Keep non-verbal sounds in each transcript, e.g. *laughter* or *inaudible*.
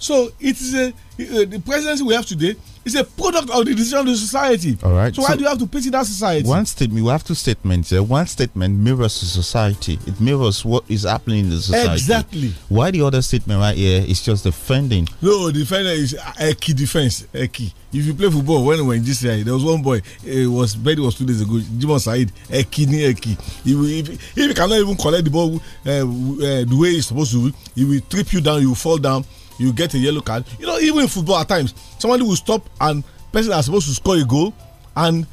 So it is a, uh, the presidency we have today is a product of the decision of the society. All right. So, so why do you have to pity that society? One statement. We have two statements. Uh, one statement mirrors the society. It mirrors what is happening in the society. Exactly. Why the other statement right here is just defending? No, defender is uh, a key defense. A key. If you play football, when we were in there was one boy. Uh, it was it was two days ago. Jimon Said. A key, a key. if, if he cannot even collect the ball uh, uh, the way he's supposed to, he will trip you down. You fall down you get a yellow card. You know, even in football at times, somebody will stop and person that's supposed to score a goal and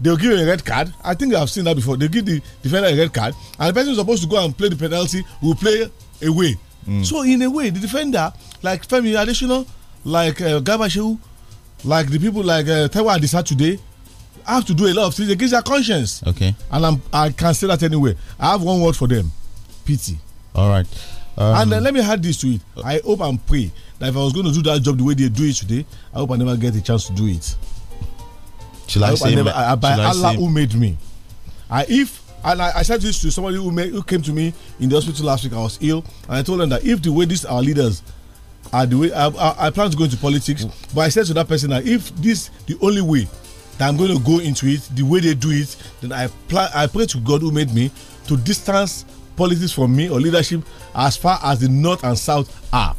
they'll give you a red card. I think I've seen that before. They give the defender a red card and the person supposed to go and play the penalty will play away. Mm. So in a way, the defender, like Femi additional, like uh, Gabashew, like the people like uh, Tewa Adisa today, have to do a lot of things against their conscience. Okay. And I'm, I can say that anyway. I have one word for them: pity. All right. Um, and uh, let me add this to it. Uh, I hope and pray that if I was going to do that job the way they do it today, I hope I never get a chance to do it. Shall I, I, I say? Never, uh, I, by Allah who made me. I, if and I, I, said this to somebody who, who, came to me in the hospital last week. I was ill, and I told them that if the way these our leaders are the way I, I, I, plan to go into politics, but I said to that person that if this the only way that I'm going to go into it, the way they do it, then I plan, I pray to God who made me to distance Policies for me or leadership as far as the north and south are.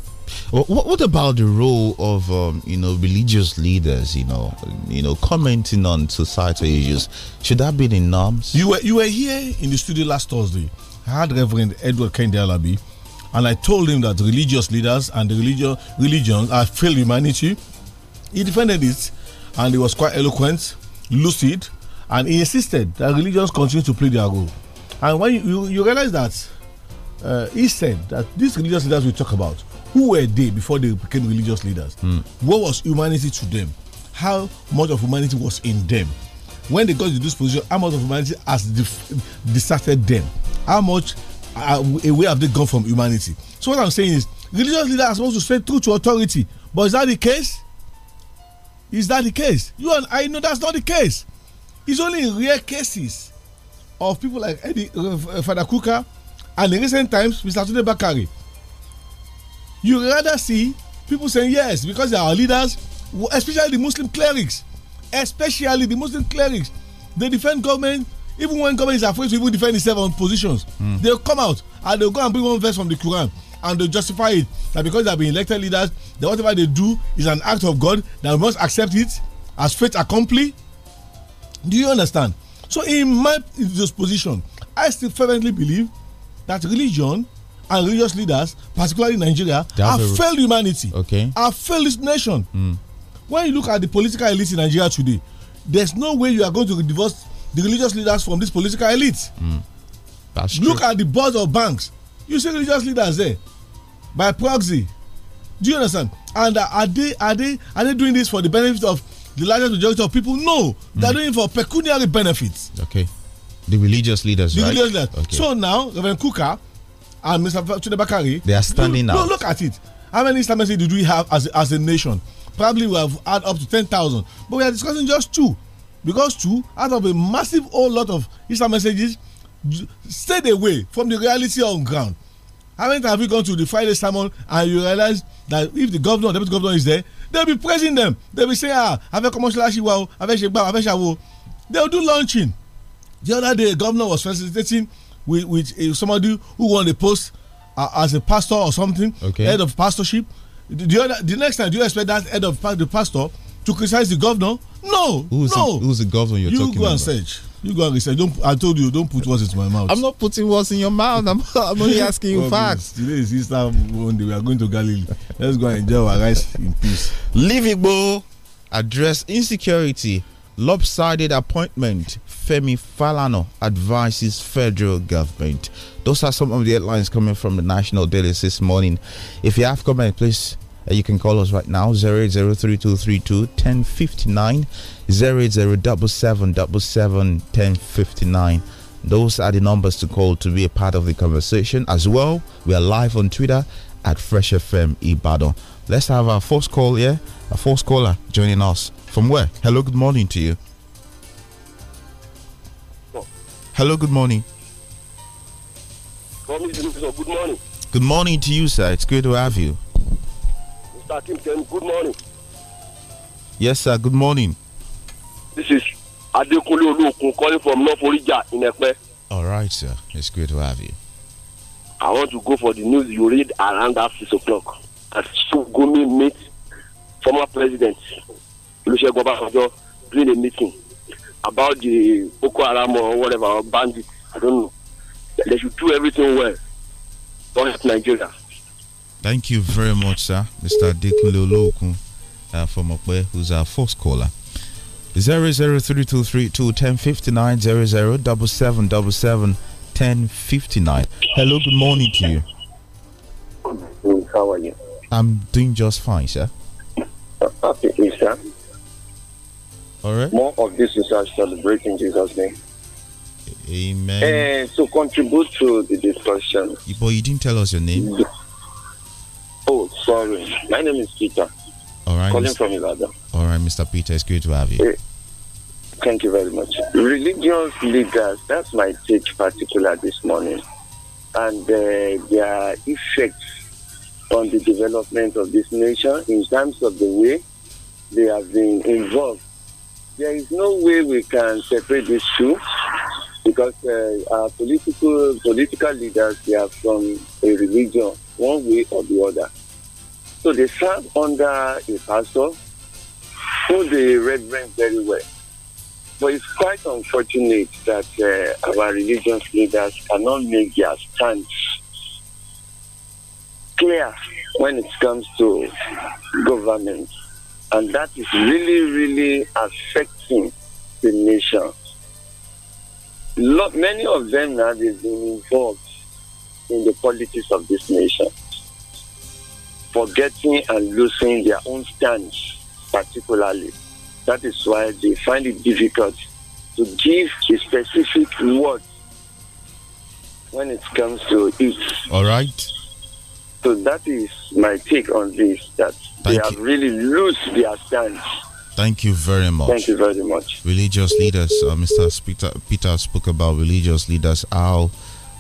what, about the role of um, you know religious leaders? You know, you know, commenting on societal issues. Should that be the norms? You were you were here in the studio last Thursday. I had Reverend Edward Alabi, and I told him that religious leaders and the religion religions are failed humanity. He defended it, and he was quite eloquent, lucid, and he insisted that religions continue to play their role. And when you, you realize that uh, he said that these religious leaders we talk about, who were they before they became religious leaders? Mm. What was humanity to them? How much of humanity was in them? When they got to this position, how much of humanity has deserted them? How much uh, away have they gone from humanity? So what I'm saying is, religious leaders are supposed to stay true to authority, but is that the case? Is that the case? You and I know that's not the case. It's only in rare cases of people like Eddie, uh, Father Kuka, and in recent times, Mr. Tunde Bakari. You rather see people saying yes because they are leaders, especially the Muslim clerics, especially the Muslim clerics. They defend government even when government is afraid to even defend itself on positions. Mm. They'll come out and they'll go and bring one verse from the Quran and they justify it that because they've been elected leaders, that whatever they do is an act of God that we must accept it as faith accompli. Do you understand? So, in my disposition, I still fervently believe that religion and religious leaders, particularly in Nigeria, have, have failed humanity. Okay. Have failed this nation. Mm. When you look at the political elite in Nigeria today, there's no way you are going to divorce the religious leaders from this political elite. Mm. That's look true. at the board of banks. You see religious leaders there by proxy. Do you understand? And uh, are they are they are they doing this for the benefit of the largest majority of people know hmm. they're doing doing for pecuniary benefits. Okay. The religious leaders, the right? Religious leaders. Okay. So now, Reverend Kuka and Mr. Chidebakari, they are standing now. Look, at it. How many Islamists did we have as, as a nation? Probably we have had up to 10,000, but we are discussing just two. Because two out of a massive whole lot of Islam messages stayed away from the reality on ground. How many times have you gone to the Friday sermon and you realize that if the governor the deputy governor is there, they'll be praising them they'll be saying ah afẹ́kọ́mọṣáláṣí wa o afẹ́ṣẹ́gbà afẹ́ṣàwo they'll do launching the other day governor was facilitating with with uh, somebody who won the post uh, as a pastor or something okay. head of pastorship the, the, other the next time do you expect that head of the pastor to criticize the governor no who's no the, who's the governor you're you talking about you go and search you go and research. Don't. I told you, don't put words into my mouth. I'm not putting words in your mouth. I'm, *laughs* I'm only *laughs* asking you facts. Today is Easter Monday. We are going to Galilee. Let's go and enjoy our rice in peace. Livable, address insecurity, lopsided appointment. Femi Falano advises federal government. Those are some of the headlines coming from the National Daily this morning. If you have comment, please uh, you can call us right now 0803232 1059 08077771059. Those are the numbers to call to be a part of the conversation. As well, we are live on Twitter at Fresh FM Ibadan. Let's have our first call here. Yeah? a first caller joining us. From where? Hello, good morning to you. Hello, good morning. Good morning. Good morning to you, sir. It's good to have you. Good morning. Yes, sir. Good morning. This is Adekunle Olukun calling from North Orija in Epe. All right, sir. It's great to have you. I want to go for the news you read around at 6 o'clock. As Gumi meets former president Olusegun Obasanjo during a meeting about the Boko Haram or whatever, or bandits. I don't know. They should do everything well. do Nigeria. Thank you very much, sir, Mr. Dekunle uh, from Okwe, who's our first caller. 003232105900777 Hello, good morning to you. Good How are you? I'm doing just fine, sir. Happy Easter. All right. More of this is our celebrating Jesus' name. Amen. And eh, to contribute to the discussion. But you didn't tell us your name. Oh, sorry. My name is Peter. All right. Calling Mr. from Ibadan. All right, Mr. Peter, it's good to have you. Eh, thank you very much. Religious leaders, that's my take particular this morning. And uh, their effects on the development of this nation in terms of the way they have been involved. There is no way we can separate these two because uh, our political political leaders they are from a religion, one way or the other. So they serve under a pastor who they reverend very well. But it's quite unfortunate that uh, our religious leaders cannot make their stance clear when it comes to government. And that is really, really affecting the nation. Lot, many of them now, have been involved in the politics of this nation forgetting and losing their own stance, particularly. That is why they find it difficult to give a specific word when it comes to it. All right. So that is my take on this. That Thank they you. have really lost their stance. Thank you very much. Thank you very much. Religious leaders, uh, Mr. Peter, Peter spoke about religious leaders, how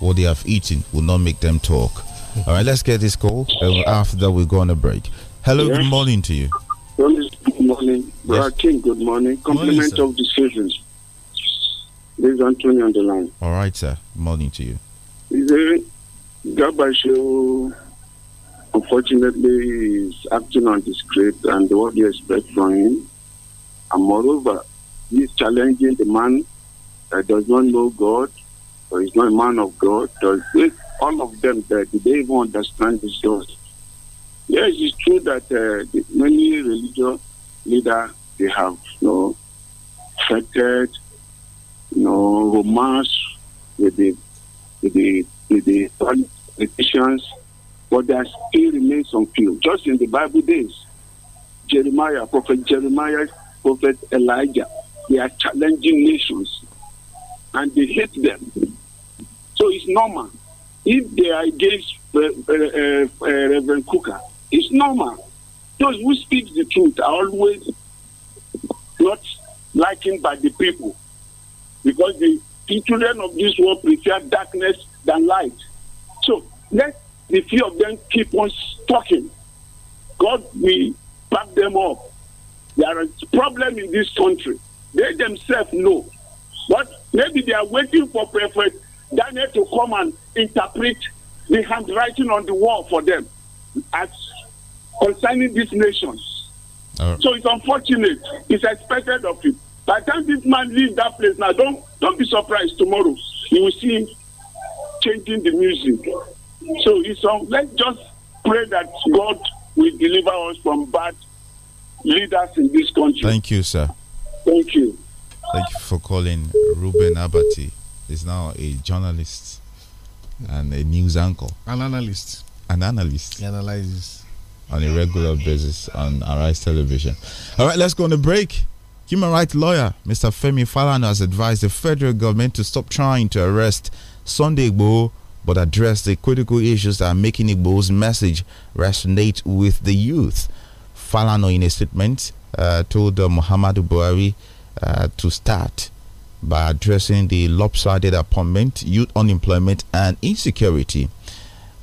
what they have eaten will not make them talk. All right, let's get this call. And after that, we go on a break. Hello, yes. good morning to you. Good morning, yes. King. Good morning. Compliment of decisions. This is Anthony on the line. All right, sir. Good morning to you. Is Gabby Show? Unfortunately, is acting on the script and what we expect from him. And moreover, he's challenging the man that does not know God or is not a man of God. Does it all of them, did they even understand this yours. Yes, it's true that uh, many religious leaders, they have, you know, affected, you know, romance with the, with the, with the politicians, but there still remains some few. Just in the Bible days, Jeremiah, Prophet Jeremiah, Prophet Elijah, they are challenging nations and they hate them. So it's normal if they are against uh uh, uh, uh, Reverend Cooker, it's normal. Those who speak the truth are always not liked by the people because the children of this world prefer darkness than light. So let the few of them keep on talking. God will back them up. There is a problem in this country. They themselves know. But maybe they are waiting for Prophet Daniel to come and interpret the handwriting on the wall for them as concerning these nations. So it's unfortunate. It's expected of him. By the time this man leaves that place now, don't don't be surprised tomorrow. You will see him changing the music. So it's um, let's just pray that God will deliver us from bad leaders in this country. Thank you, sir. Thank you. Thank you for calling Ruben Abati is now a journalist and a news anchor. An analyst. An analyst. He analyzes. On a regular basis on Arise Television. All right, let's go on a break. Human rights lawyer Mr. Femi Falana has advised the federal government to stop trying to arrest Sunday Igbo but address the critical issues that are making Igbo's message resonate with the youth. Falano, in a statement, uh, told uh, Muhammadu Buhari uh, to start by addressing the lopsided appointment, youth unemployment, and insecurity.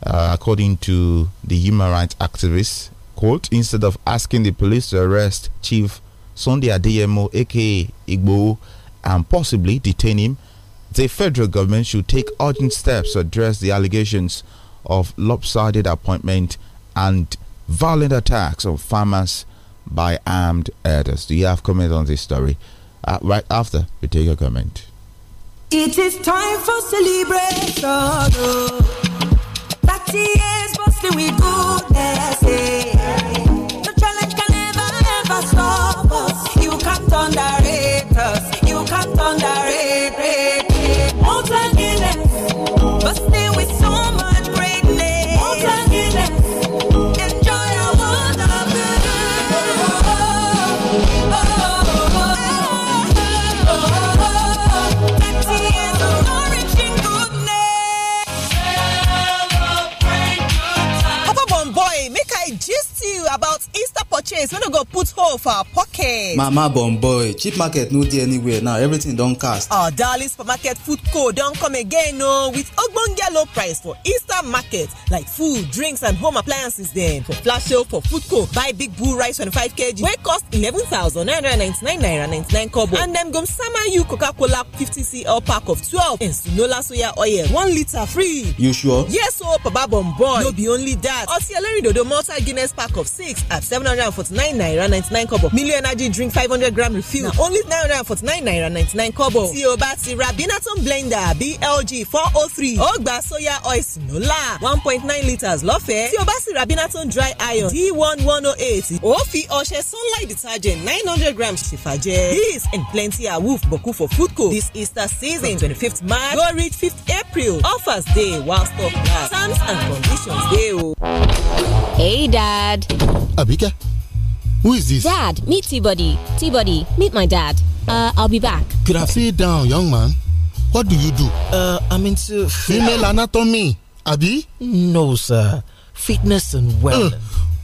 Uh, according to the human rights activists, quote, instead of asking the police to arrest Chief Sunday Adeyemo, aka Igbo, and possibly detain him, the federal government should take urgent steps to address the allegations of lopsided appointment and violent attacks on farmers by armed herders. Do you have comment on this story? uh, right after we take your comment. It is time for celebration. 30 years with goodness. challenge can ever stop. purchase we no go put hole for our pocket. mama bom boy cheap market no dey anywhere now everything don cast. our darling supermarket food co don come again o with ogbonge low price for easter market like food drinks and home appliances dem. for flash sale for food co buy big bull rice twenty-five kg wey cost eleven thousand nine hundred ninety-nine naira ninety-nine kobo and dem go sama you coca-cola fifty cl pack of twelve and sunola soya oil one litre free. you sure. yes o oh, papa bom boy no be only that ọtí ẹlẹ́rìndòdò multi guinness pack of six at seven hundred and Forty-nine naira ninety-nine kobo Milo energy drink five hundred gram refill na only 949 naira 99 kobo tí o bá ti ra Binaton blender BLG 403 ó gba soya oil nola 1.9 litres lọ́fẹ̀ẹ́ tí o bá sì ra Binaton dry iron D1108 one one oh ó fi ọṣẹ sunlight detergent nine hundred grams ṣèfàjẹ́ this and plenty awoof boku for foodco this Easter season twenty fifth March go reach fifth April offers dey while stock lasts terms and conditions dey o. Hey, Dad. Abika. Who is this? Dad, meet T-Body. T-Body, meet my dad. Uh, I'll be back. Could I sit down, young man? What do you do? Uh, I'm into... Female anatomy, Abi? No, sir. Fitness and uh, wellness. Uh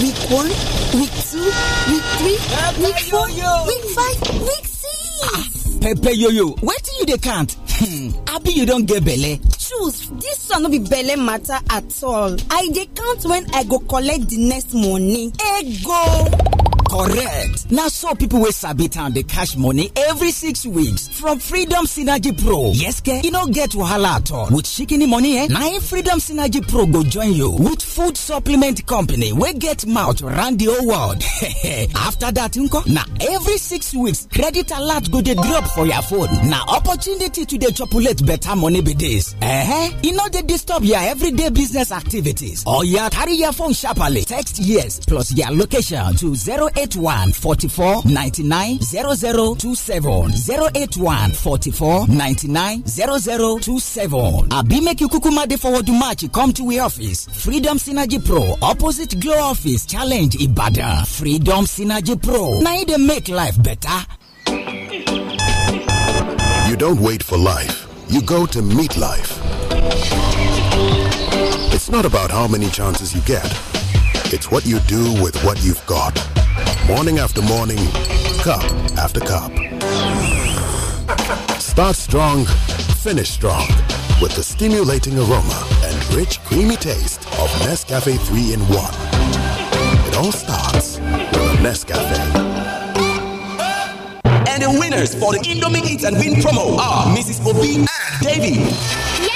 week one week two week three week four week five week six. Ah, yo, where do you can count Hmm. abi you don get belle choose this one no be belle matter at all i dey count when i go collect the next money ego correct na so people wey sabi town dey cash money every six weeks from freedom synergy pro yes ke e no get wahala at all with shikini money eh na im freedom synergy pro go join you with food supplement company wey get mouth round the whole world *laughs* after that nko na every six weeks credit alert go dey drop for your phone na opportunity to dey dey chopulate better money be dis eh e no dey disturb your everyday business activities or your carry your phone sharply text yes plus your location to 081 44 99 0027 081 44 99 0027 abi make you kukuma dey forward march come to we office freedom synergy pro opposite glow office challenge ibadan freedom synergy pro na e dey make life better. You don't wait for life, you go to meet life. It's not about how many chances you get, it's what you do with what you've got. Morning after morning, cup after cup. Start strong, finish strong with the stimulating aroma and rich, creamy taste of Nescafe 3 in 1. It all starts with Nescafe the winners for the Indomie Eat and Win promo are Mrs. Obi and Davy. Yeah.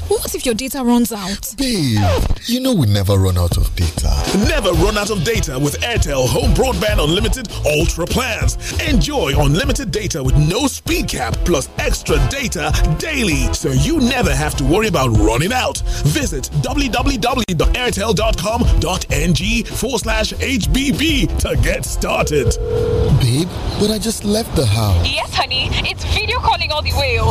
What if your data runs out? Babe, you know we never run out of data. Never run out of data with Airtel Home Broadband Unlimited Ultra Plans. Enjoy unlimited data with no speed cap plus extra data daily so you never have to worry about running out. Visit www.airtel.com.ng forward slash HBB to get started. Babe, but I just left the house. Yes, honey. It's video calling all the way. *laughs*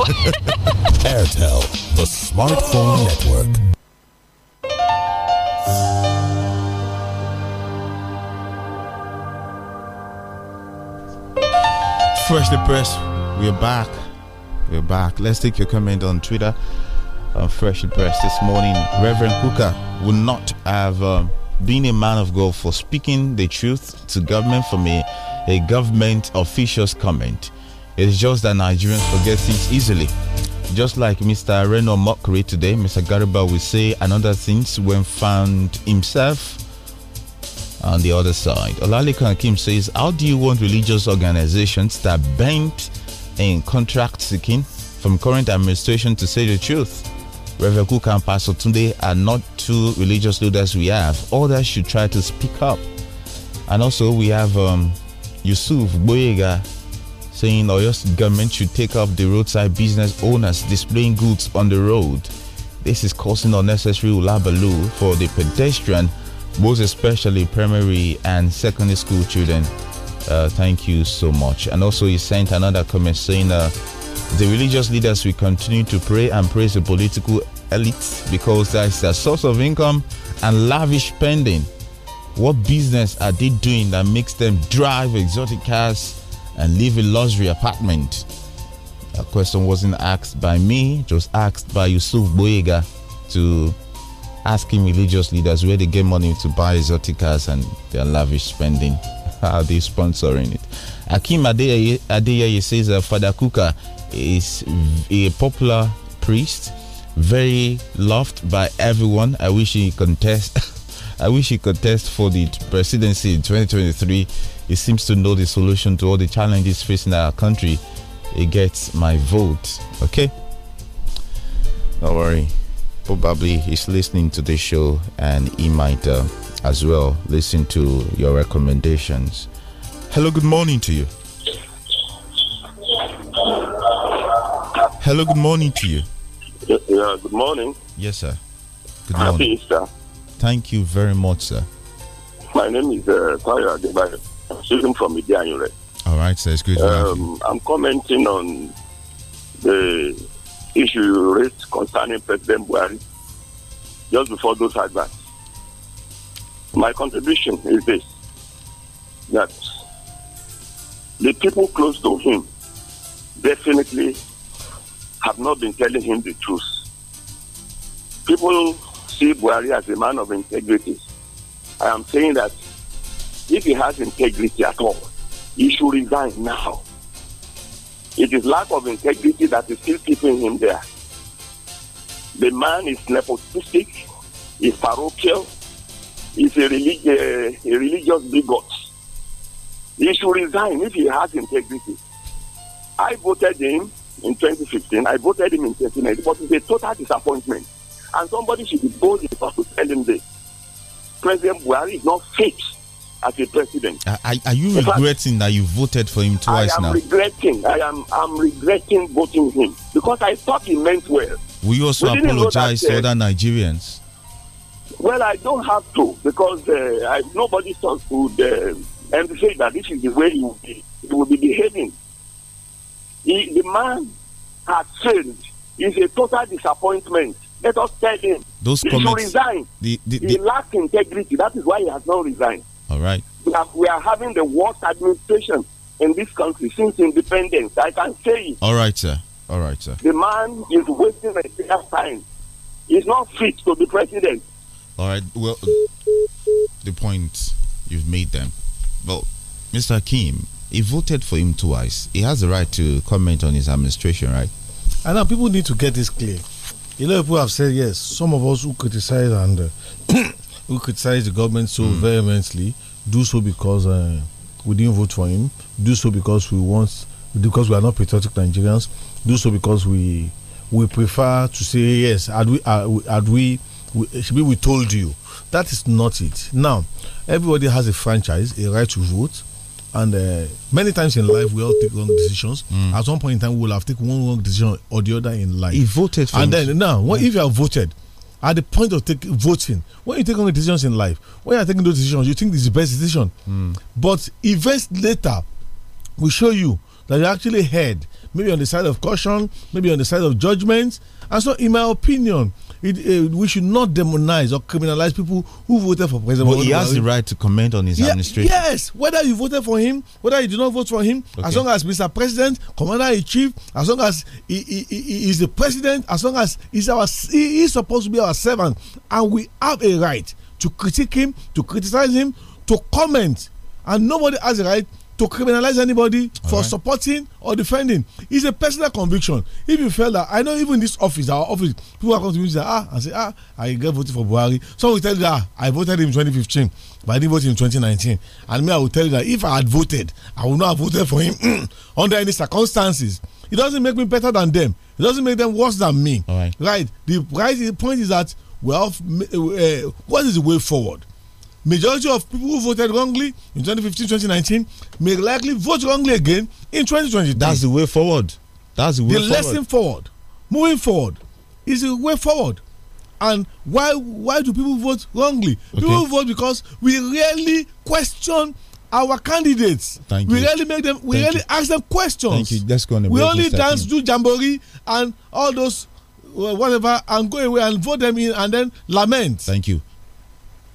*laughs* Airtel, the smartphone Freshly Network. Fresh the press. We're back. We're back. Let's take your comment on Twitter on uh, Fresh the Press this morning. Reverend Kuka would not have um, been a man of God for speaking the truth to government from a, a government official's comment. It's just that Nigerians forget things easily. Just like Mr. Reno Mockery today, Mr. Gariba will say another thing when found himself on the other side. Olalekan Kim says, How do you want religious organizations that bent in contract seeking from current administration to say the truth? Reverend Cook and Pastor Tunde are not two religious leaders we have. Others should try to speak up. And also, we have um, Yusuf Boyega saying our government should take off the roadside business owners displaying goods on the road. This is causing unnecessary ulabaloo for the pedestrian, most especially primary and secondary school children. Uh, thank you so much. And also, he sent another comment saying uh, the religious leaders will continue to pray and praise the political elites because that's their source of income and lavish spending. What business are they doing that makes them drive exotic cars? and live a luxury apartment? That question wasn't asked by me, just asked by Yusuf Boyega to asking religious leaders where they get money to buy exotic cars and their lavish spending. *laughs* How are they sponsoring it? Akim Adeyeye Adeye says that Father Kuka is a popular priest, very loved by everyone. I wish he contest. *laughs* I wish he contest for the presidency in 2023 he seems to know the solution to all the challenges facing our country. He gets my vote. Okay? Don't worry. Probably he's listening to this show and he might uh, as well listen to your recommendations. Hello, good morning to you. Hello, good morning to you. Yeah, good morning. Yes, sir. Good morning. Happy Easter. Thank you very much, sir. My name is uh, Tayo Adebayo speaking from January. All right, so it's good. Um, I'm commenting on the issue raised concerning President Buhari just before those advance. My contribution is this that the people close to him definitely have not been telling him the truth. People see Buhari as a man of integrity. I am saying that if he has integrity at all, he should resign now. It is lack of integrity that is still keeping him there. The man is nepotistic, is parochial, is a, relig- a, religious bigot. He should resign if he has integrity. I voted him in 2015. I voted him in 2019, but it's a total disappointment. And somebody should be bold enough to tell him this. President Buhari is not fit as a president. Uh, are, are you In regretting fact, that you voted for him twice now? I am now? regretting. I am I'm regretting voting him because I thought he meant well. Will you also we apologize to uh, other Nigerians? Well, I don't have to because uh, I, nobody thought would uh, and say that this is the way he will be, he will be behaving. He, the man has failed. He's a total disappointment. Let us tell him. Those he comments, should resign. The, the, the, he lacks integrity. That is why he has not resigned. All right. We are, we are having the worst administration in this country since independence. I can say it. All right, sir. All right, sir. The man is wasting Nigeria's time. He's not fit to be president. All right. Well, the point you've made then. Well, Mr. Kim, he voted for him twice. He has the right to comment on his administration, right? And now people need to get this clear. A lot of people have said yes. Some of us who criticize and uh, *clears throat* who criticize the government so mm. vehemently do so because uh, we didn't vote for him, do so because we want, because we are not patriotic Nigerians, do so because we we prefer to say yes. Had we, uh, had we, we, we told you that is not it. Now, everybody has a franchise, a right to vote, and uh, many times in life we all take wrong decisions. Mm. At one point in time, we will have taken one wrong decision or the other in life. He voted, and then now, what yeah. Hmm. if you have voted? at the point of taking voting when you take on decisions in life when you are taking those decisions you think this is the best decision mm. but events later will show you that you actually had maybe on the side of caution maybe on the side of judgment and so in my opinion it, uh, we should not demonize or criminalize people who voted for President. But he has the right to comment on his yeah, administration. Yes, whether you voted for him, whether you did not vote for him, okay. as long as Mr. President, Commander in Chief, as long as he, he is the president, as long as he's our, he is supposed to be our servant, and we have a right to critique him, to criticize him, to comment, and nobody has a right to criminalize anybody All for right. supporting or defending. It's a personal conviction. If you feel that, I know even this office, our office, people are coming to me say, ah, and say, ah, I get voted for Buhari. Some will tell you that ah, I voted him in 2015, but I didn't vote in 2019. And me, I will tell you that if I had voted, I would not have voted for him *clears throat* under any circumstances. It doesn't make me better than them. It doesn't make them worse than me. Right. right. The, right, the point is that, well, uh, eh, eh, what is the way forward? majority of people who voted wrongly in 2015 2019 may likely vote wrongly again in 2020 that's the way forward that's the way the forward. lesson forward moving forward is the way forward and why why do people vote wrongly okay. people vote because we rarely question our candidates Thank we you. rarely make them we Thank rarely you. ask them questions Thank you. Let's go we only dance do jamboree and all those uh, whatever and go away and vote them in and then lament. Thank you.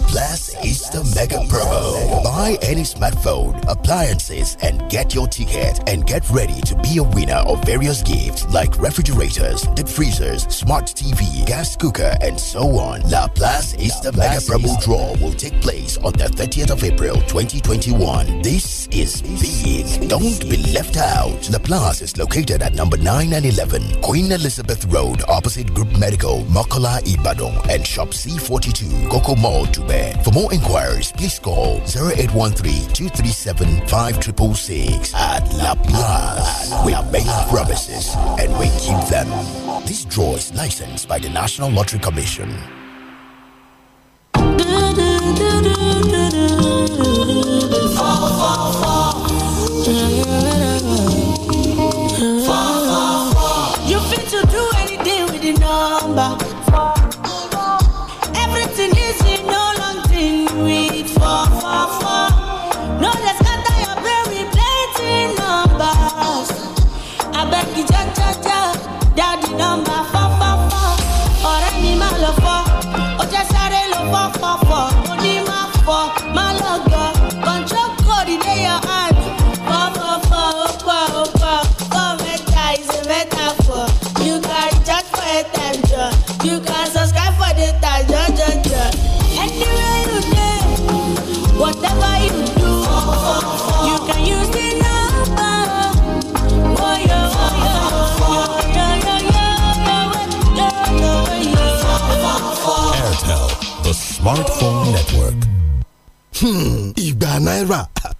Place is the Mega Promo. Buy any smartphone, appliances, and get your ticket and get ready to be a winner of various gifts like refrigerators, deep freezers, smart TV, gas cooker, and so on. La Place is the Mega Promo draw will take place on the 30th of April 2021. This is big. Don't be left out. La Place is located at number 9 and 11, Queen Elizabeth Road, opposite Group Medical, Mokola Ibadan, and Shop C42, Coco Mall for more inquiries, please call 813 237 at La Paz. We make promises and we keep them. This draw is licensed by the National Lottery Commission. smartphone network. Hmm, igba náírà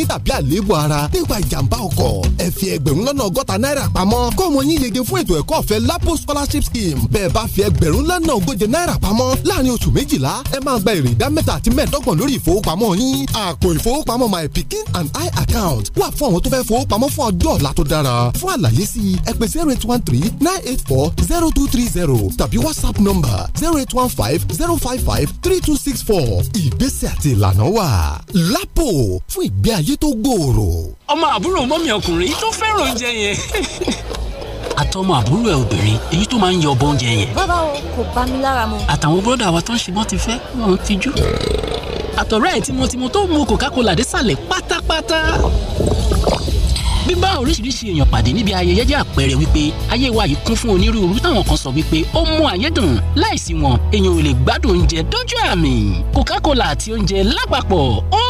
yín tàbí àléébù ara nípa ìjàmbá ọkọ̀ ẹ fi ẹgbẹ̀rún lọ́nà ọgọ́ta náírà pamọ́ kọ́ ọmọ yín yege fún ètò ẹ̀kọ́ ọ̀fẹ́ lapo scholarship scheme bẹ́ẹ̀ bá fi ẹgbẹ̀rún lọ́nà ogóje náírà pamọ́ láàrin oṣù méjìlá ẹ máa gba èrè ìdá mẹ́ta àti mẹ́ẹ̀ẹ́dọ́gbọ̀n lórí ìfowópamọ́ yín àpò ìfowópamọ́ my pikin and i account wà fún àwọn tó fẹ́ fowópamọ́ fún ọjọ́ ọ̀la tó dára fún àlàyé sí ẹ pè zero eight one three nine eight four zero two three zero tàbí whatsapp number zero eight one five zero five five three two six four ìgbésẹ̀ àti ìlànà wà lápò fún ìgbé ayé ayé tó gbòòrò. ọmọ àbúrò mọ́mí ọkùnrin tó fẹ́ràn oúnjẹ yẹn. àtọmọ àbúrò ẹ obìnrin èyí tó máa ń yọ ọbọ oúnjẹ yẹn. bàbá o kò bá mi lára mu. àtàwọn búrọ́dà wa tó ń ṣe bọ́n ti fẹ́ wọn ti jú. àtọ̀rẹ́ ẹ̀ tímọ́tímọ́ tó mu coca-cola désàlẹ̀ pátápátá bíbá oríṣiríṣi èèyàn pàdé níbi ayẹyẹ jẹ́ àpẹẹrẹ wípé ayé wa yìí kún fún onírúurú táwọn kan sọ wípé ó mú ayé dùn láìsí wọn èèyàn ò lè gbádùn oúnjẹ dójú àmì Coca-Cola àti oúnjẹ lápapọ̀ ó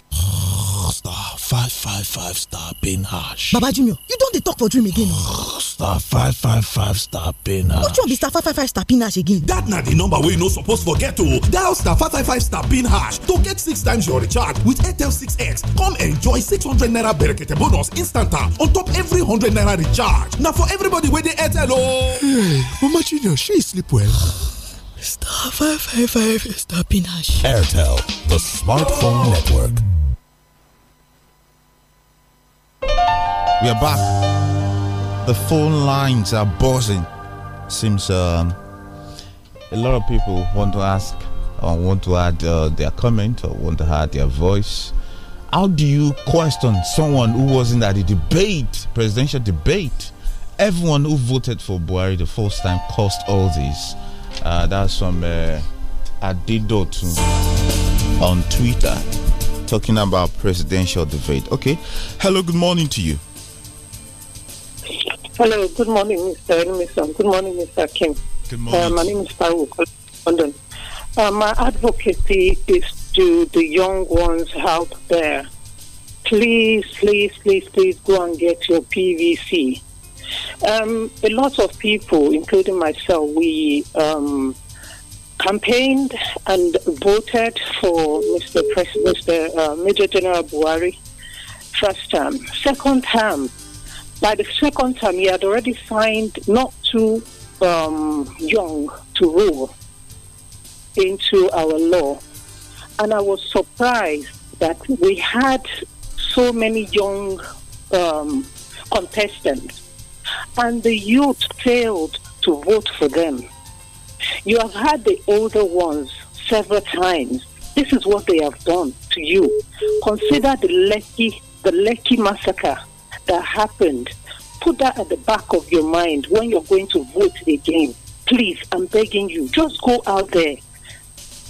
five five star pin hash. Baba jr you don't talk for dream again *sighs* star five five five star pin hash. you want be star five five five star pin hash again? That na the number we no supposed forget to. Oh. Dial star five five five star pin hash to get six times your recharge with Airtel 6x come enjoy six hundred naira berekete bonus instant ah, on top every hundred naira recharge. Now for everybody wey dey Airtel oh. Hey mama junior she sleep well? *sighs* star five five five star pin hash. Airtel the smartphone network. We are back. The phone lines are buzzing. Seems um, a lot of people want to ask or want to add uh, their comment or want to add their voice. How do you question someone who wasn't at the debate, presidential debate? Everyone who voted for Buhari the first time caused all this. Uh, that's from uh, on Twitter talking about presidential debate. Okay. Hello, good morning to you. Hello, good morning, Mr. Emerson. Good morning, Mr. King. Good morning. Uh, my name is Paul London. Uh, my advocacy is to the young ones out there. Please, please, please, please go and get your PVC. Um, a lot of people, including myself, we um, campaigned and voted for Mr. President, Mr. Uh, Major General Buhari first term. Second term, by the second term, he had already signed not too um, young to rule into our law. And I was surprised that we had so many young um, contestants, and the youth failed to vote for them. You have had the older ones several times. This is what they have done to you. Consider the Lekki, the Lekki massacre that happened. Put that at the back of your mind when you're going to vote again. Please, I'm begging you, just go out there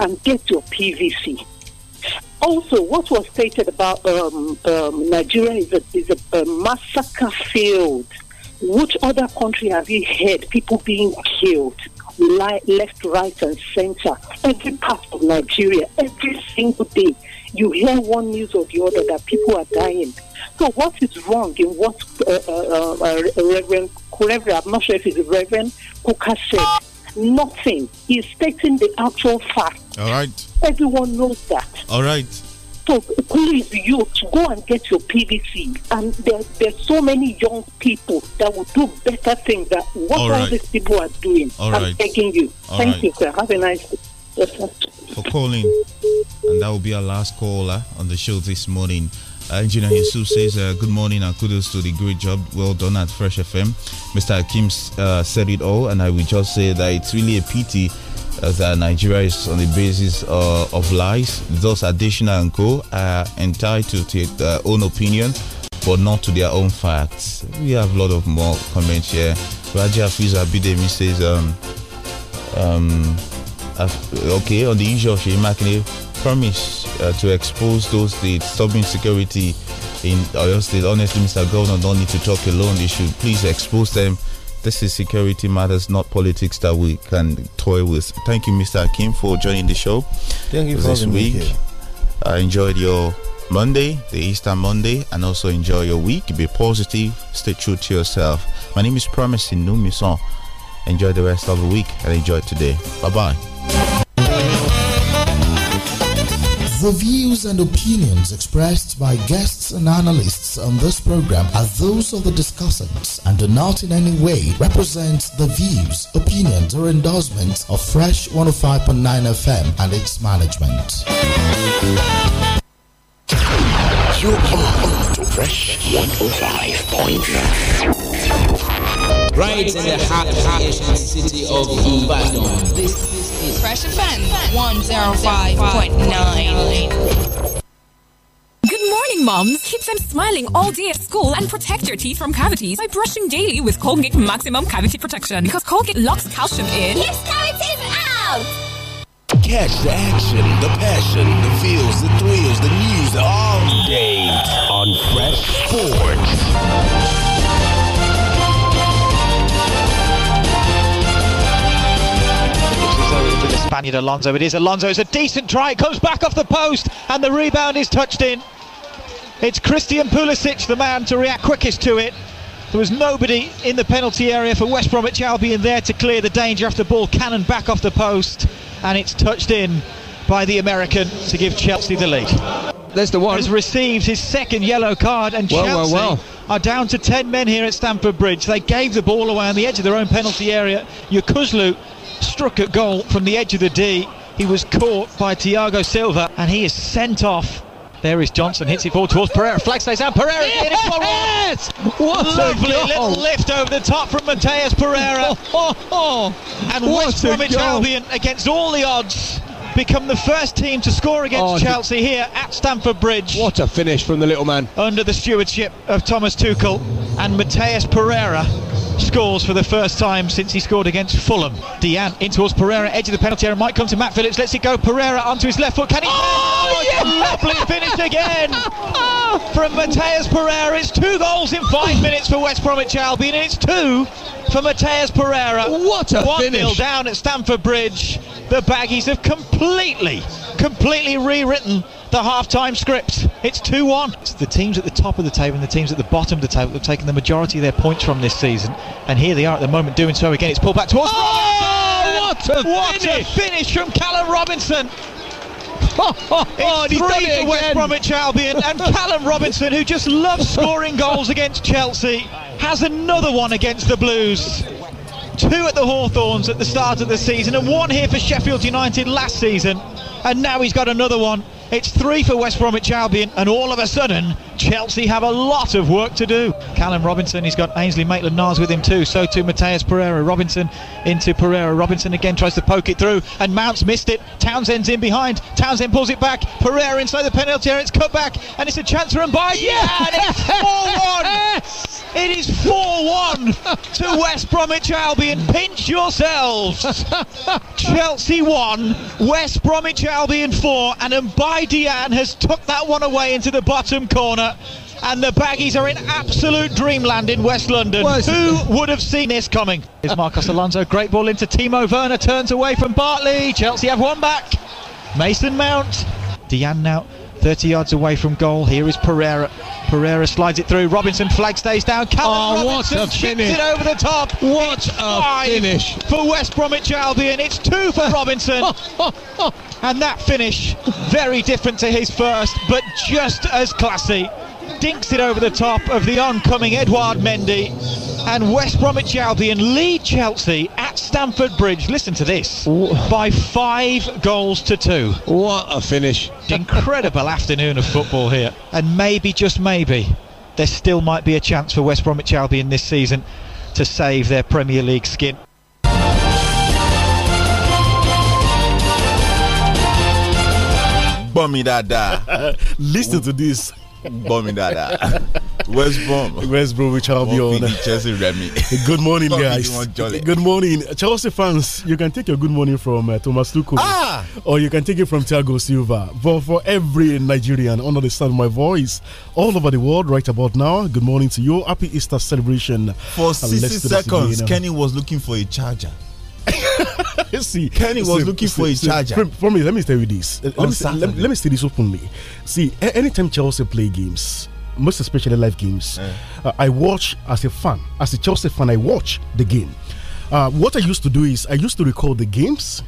and get your PVC. Also, what was stated about um, um, Nigeria is a, is a, a massacre field. Which other country have you heard people being killed? we lie left, right, and center. Every part of Nigeria, every single day, you hear one news or the other that people are dying. So, what is wrong in what uh, uh, uh, uh Reverend, Reverend, I'm not sure if it's Reverend Kuka said? Nothing. He's stating the actual fact. All right. Everyone knows that. All right. So please, you go and get your PVC. And there, there's so many young people that will do better things than what all, right. all these people are doing. All I'm right. begging you. All Thank right. you, sir. Have a nice day. For calling, and that will be our last caller on the show this morning. Uh, Engineer Yusuf says, uh, Good morning and kudos to the great job well done at Fresh FM. Mr. Akim uh, said it all, and I will just say that it's really a pity that uh, Nigeria is on the basis uh, of lies. Those additional and co are entitled to their own opinion, but not to their own facts. We have a lot of more comments here. Raja Fiz Abidemi says, um, um, okay, on the issue of Shemakine, promise uh, to expose those stubborn security in Oyo State. Honestly, Mr. Governor, don't need to talk alone. They should please expose them this is Security Matters, not politics that we can toy with. Thank you, Mr. Akim, for joining the show. Thank you this week. Me I enjoyed your Monday, the Easter Monday, and also enjoy your week. Be positive, stay true to yourself. My name is Promising Numison. Enjoy the rest of the week and enjoy today. Bye bye. The views and opinions expressed by guests and analysts on this program are those of the discussants and do not in any way represent the views, opinions, or endorsements of Fresh 105.9 FM and its management. You are Fresh 105.9. Right in the heart of the city of Ibadan. This is Fresh Offense 105.9. Good morning, moms. Keep them smiling all day at school and protect your teeth from cavities by brushing daily with Colgate Maximum Cavity Protection because Colgate locks calcium in. Yes, cavities out! Catch the action, the passion, the feels, the thrills, the news all day on Fresh Sports. Spaniard Alonso. It is Alonso. It's a decent try. It comes back off the post, and the rebound is touched in. It's Christian Pulisic, the man to react quickest to it. There was nobody in the penalty area for West Bromwich Albion there to clear the danger after the ball cannon back off the post and it's touched in by the American to give Chelsea the lead. There's the one. Has received his second yellow card, and well, Chelsea well, well. are down to 10 men here at Stamford Bridge. They gave the ball away on the edge of their own penalty area. Yukuzlu struck at goal from the edge of the D. He was caught by Thiago Silva, and he is sent off there is Johnson, hits it forward towards Pereira, flag stays out, Pereira yes! Yes! What Lovely a goal. little lift over the top from Mateus Pereira. *laughs* Oh, oh, oh. And what West Bromwich Albion, against all the odds, become the first team to score against oh, Chelsea th- here at Stamford Bridge. What a finish from the little man. Under the stewardship of Thomas Tuchel and Mateus Pereira scores for the first time since he scored against Fulham. Diane in towards Pereira, edge of the penalty area, might come to Matt Phillips, lets it go. Pereira onto his left foot, can he? Oh, oh Lovely finish again *laughs* from Mateus Pereira. It's two goals in five oh. minutes for West Bromwich Albion, it's two for Mateus Pereira. What a One finish! One down at Stamford Bridge. The Baggies have completely, completely rewritten the half-time script. It's 2-1. It's the teams at the top of the table and the teams at the bottom of the table have taken the majority of their points from this season, and here they are at the moment doing so again. It's pulled back towards. Oh, what a what finish! a finish from Callum Robinson. *laughs* Oh, oh, oh, it West Bromwich Albion, and *laughs* Callum Robinson, who just loves scoring goals against Chelsea, has another one against the Blues two at the Hawthorns at the start of the season and one here for Sheffield United last season and now he's got another one it's three for West Bromwich Albion, and all of a sudden, Chelsea have a lot of work to do. Callum Robinson, he's got Ainsley Maitland Niles with him too, so too Mateus Pereira. Robinson into Pereira. Robinson again tries to poke it through, and Mounts missed it. Townsend's in behind. Townsend pulls it back. Pereira inside the penalty area, it's cut back, and it's a chance for by. Yeah, and it's *laughs* 4 1. *laughs* It is 4-1 *laughs* to West Bromwich Albion. Pinch yourselves. *laughs* Chelsea 1, West Bromwich Albion 4, and Mbai Diane has tucked that one away into the bottom corner. And the baggies are in absolute dreamland in West London. Well, Who would have seen this coming? Here's Marcos Alonso. Great ball into Timo Werner. Turns away from Bartley. Chelsea have one back. Mason Mount. Diane now 30 yards away from goal. Here is Pereira. Pereira slides it through. Robinson flag stays down. Callum oh, ah, Robinson what a finish! it over the top. What it's a finish for West Bromwich Albion. It's two for *laughs* Robinson. and that finish, very different to his first, but just as classy. Dinks it over the top of the oncoming Edouard Mendy and West Bromwich Albion lead Chelsea at Stamford Bridge. Listen to this by five goals to two. What a finish! *laughs* Incredible afternoon of football here, and maybe just maybe there still might be a chance for West Bromwich Albion this season to save their Premier League skin. Bummy da! *laughs* Listen to this. Bomidada. *laughs* West Brom. West Bromwich Albion. Chelsea Remy. *laughs* Good morning, guys. Good morning, Chelsea fans. You can take your good morning from uh, Thomas Tuchel, ah! or you can take it from Thiago Silva. But for every Nigerian under the sound of my voice, all over the world, right about now, good morning to you. Happy Easter celebration. For 60 seconds, Kenny was looking for a charger. *laughs* see, Kenny was see, looking see, for a charger. for me, let me tell you this. Let me, let, let me, say this openly. See, anytime Chelsea play games, most especially live games, yeah. uh, I watch as a fan, as a Chelsea fan, I watch the game. Uh, what I used to do is I used to record the games.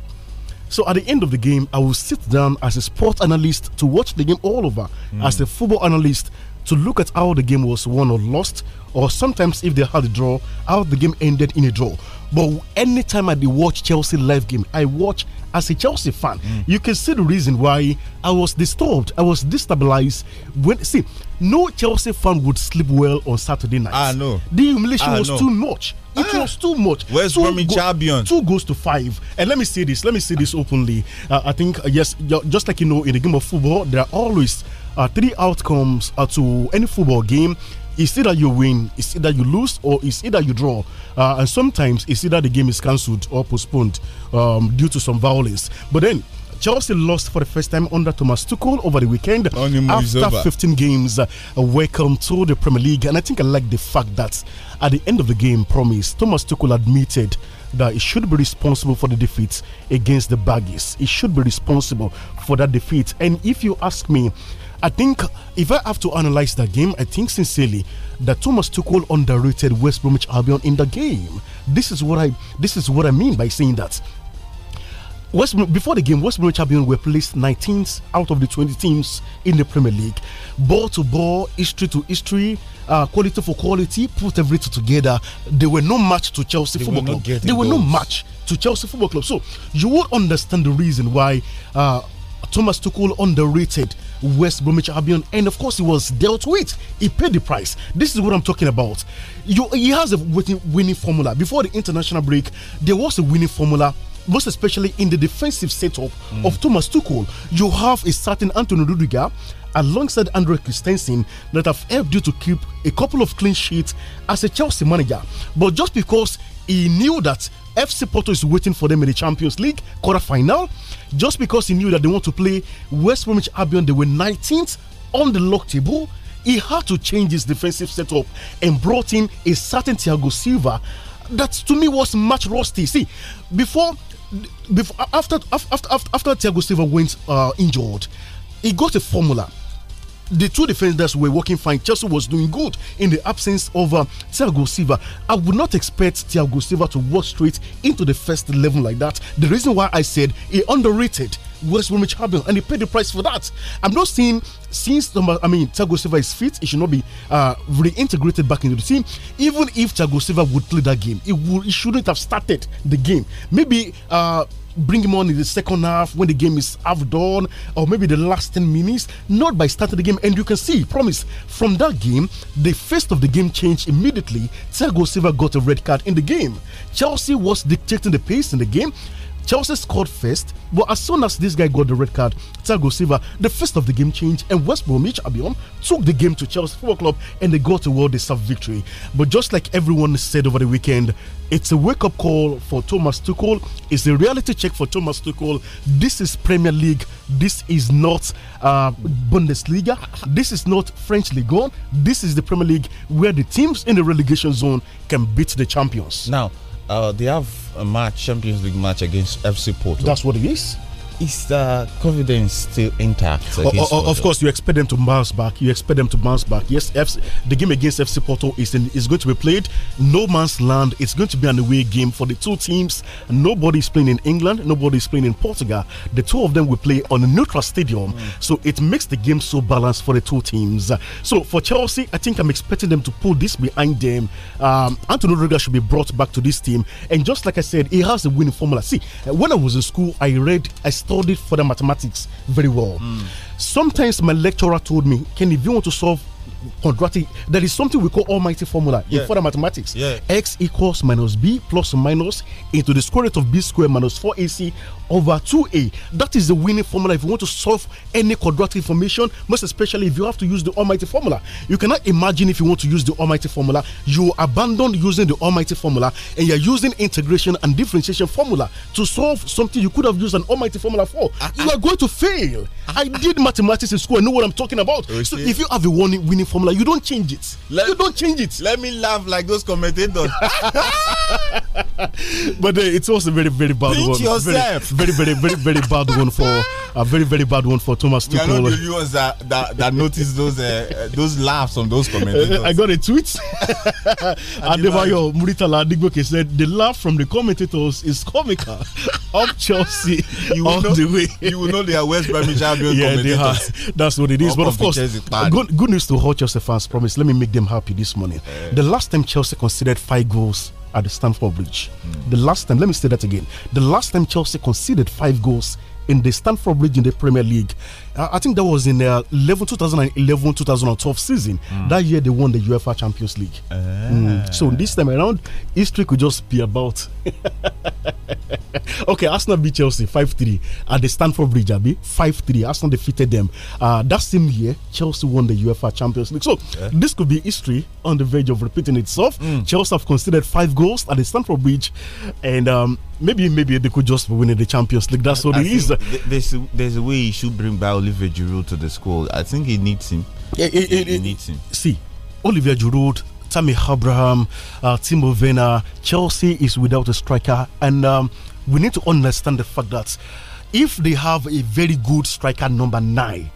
So at the end of the game, I will sit down as a sports analyst to watch the game all over, mm. as a football analyst to look at how the game was won or lost, or sometimes if they had a draw, how the game ended in a draw. But anytime I watch Chelsea live game, I watch as a Chelsea fan. Mm. You can see the reason why I was disturbed. I was destabilized. When see, no Chelsea fan would sleep well on Saturday night. Ah no, the humiliation ah, was no. too much. It ah. was too much. Where's Romy go champion? Two goes to five. And let me say this. Let me say this openly. Uh, I think uh, yes, just like you know, in the game of football, there are always uh, three outcomes uh, to any football game it's either you win, it's either you lose, or it's either you draw. Uh, and sometimes it's either the game is cancelled or postponed um, due to some violence. But then Chelsea lost for the first time under Thomas Tuchel over the weekend after 15 games. Uh, welcome to the Premier League, and I think I like the fact that at the end of the game, promise Thomas Tuchel admitted that he should be responsible for the defeat against the Baggies. He should be responsible for that defeat. And if you ask me, I think if I have to analyze that game, I think sincerely that Thomas Tuchel underrated West Bromwich Albion in the game. This is what I this is what I mean by saying that. West, before the game, West Bromwich Albion were placed 19th out of the 20 teams in the Premier League. Ball to ball, history to history, uh, quality for quality, put everything together. They were no match to Chelsea they Football Club. They were no match to Chelsea Football Club. So you would understand the reason why. Uh, Thomas Tuchel underrated West Bromwich Albion, and of course he was dealt with. He paid the price. This is what I'm talking about. You, he has a winning formula. Before the international break, there was a winning formula most especially in the defensive setup mm. of Thomas Tuchel. You have a certain Antonio Rudiger alongside Andre Christensen that have helped you to keep a couple of clean sheets as a Chelsea manager. But just because he knew that FC Porto is waiting for them in the Champions League quarter final, just because he knew that they want to play West Bromwich Albion, they were 19th on the lock table. He had to change his defensive setup and brought in a certain Thiago Silva that to me was much rusty. See, before, before after after after, after Thiago Silva went uh, injured, he got a formula the two defenders were working fine. Chelsea was doing good in the absence of uh, Thiago Silva. I would not expect Thiago Silva to walk straight into the first 11 like that. The reason why I said he underrated West Bromwich Albion, and he paid the price for that. I'm not seeing since I mean Thiago Silva is fit, he should not be uh, reintegrated back into the team. Even if Thiago Silva would play that game, it would, shouldn't have started the game. Maybe. Uh, bring him on in the second half when the game is half done or maybe the last 10 minutes not by starting the game and you can see promise from that game the face of the game changed immediately Thiago Silva got a red card in the game Chelsea was dictating the pace in the game Chelsea scored first, but as soon as this guy got the red card, Thiago Silva, the first of the game changed, and West Bromwich Albion took the game to Chelsea Football Club, and they got a world deserved victory. But just like everyone said over the weekend, it's a wake-up call for Thomas Tuchel. It's a reality check for Thomas Tuchel. This is Premier League. This is not uh, Bundesliga. This is not French Ligue 1. This is the Premier League where the teams in the relegation zone can beat the champions. Now uh, they have a match, Champions League match against FC Porto. That's what it is is the confidence still intact? O, o, of course, you expect them to bounce back. You expect them to bounce back. Yes, FC, the game against FC Porto is in, is going to be played no man's land. It's going to be an away game for the two teams. Nobody is playing in England. Nobody is playing in Portugal. The two of them will play on a neutral stadium, mm. so it makes the game so balanced for the two teams. So for Chelsea, I think I'm expecting them to pull this behind them. Um, Antonio Riga should be brought back to this team, and just like I said, he has a winning formula. See, when I was in school, I read. I studied for the mathematics very well. Mm. Sometimes my lecturer told me, Ken, if you want to solve quadratic. There is something we call almighty formula yeah. in further mathematics. Yeah. X equals minus B plus minus into the square root of B square minus 4AC over 2A. That is the winning formula if you want to solve any quadratic information most especially if you have to use the almighty formula. You cannot imagine if you want to use the almighty formula, you abandon using the almighty formula and you're using integration and differentiation formula to solve something you could have used an almighty formula for. Uh, you are ah. going to fail. Uh, I did mathematics in school, I know what I'm talking about. Okay. So if you have a winning, winning formula. You don't change it. Let, you don't change it. Let me laugh like those commentators. *laughs* but uh, also a very, very bad Think one. Yourself. Very, very, very, very, very bad one for a uh, very, very bad one for Thomas Tuchel. We are not the viewers that that, that notice those uh, uh those laughs on those commentators. *laughs* I got a tweet. *laughs* Adebayo Muritala Adigboke said the laugh from the commentators is comical. Up Chelsea you all know, the way. You will know they are West Bromwich Albion yeah, commentators. They are. That's what it is. but of, of course, good, good news to Hutch Chelsea fans promise, let me make them happy this morning. Uh, the last time Chelsea considered five goals at the Stamford Bridge, mm. the last time, let me say that again, the last time Chelsea conceded five goals in the Stamford Bridge in the Premier League, I think that was in the uh, 11, 2011 2012 season. Mm. That year they won the UEFA Champions League. Uh. Mm. So this time around, history could just be about. *laughs* okay, Arsenal beat Chelsea 5 3 at the Stanford Bridge, Abby. 5 3. Arsenal defeated them. Uh, that same year, Chelsea won the UEFA Champions League. So eh? this could be history on the verge of repeating itself. Mm. Chelsea have conceded five goals at the Stanford Bridge and. Um, maybe, maybe they could just win the Champions League. That's what I it is. There's, there's a way you should bring back Olivier Giroud to the school. I think he needs him. Yeah, it, he, it, he needs him. See, Olivier Giroud, Tammy Abraham, uh, Timo Werner, Chelsea is without a striker, and um, we need to understand the fact that if they have a very good striker number nine,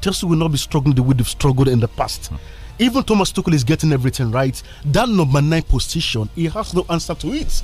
Chelsea will not be struggling the way they've struggled in the past. Hmm even Thomas Tuchel is getting everything right. That number nine position, he has no answer to it.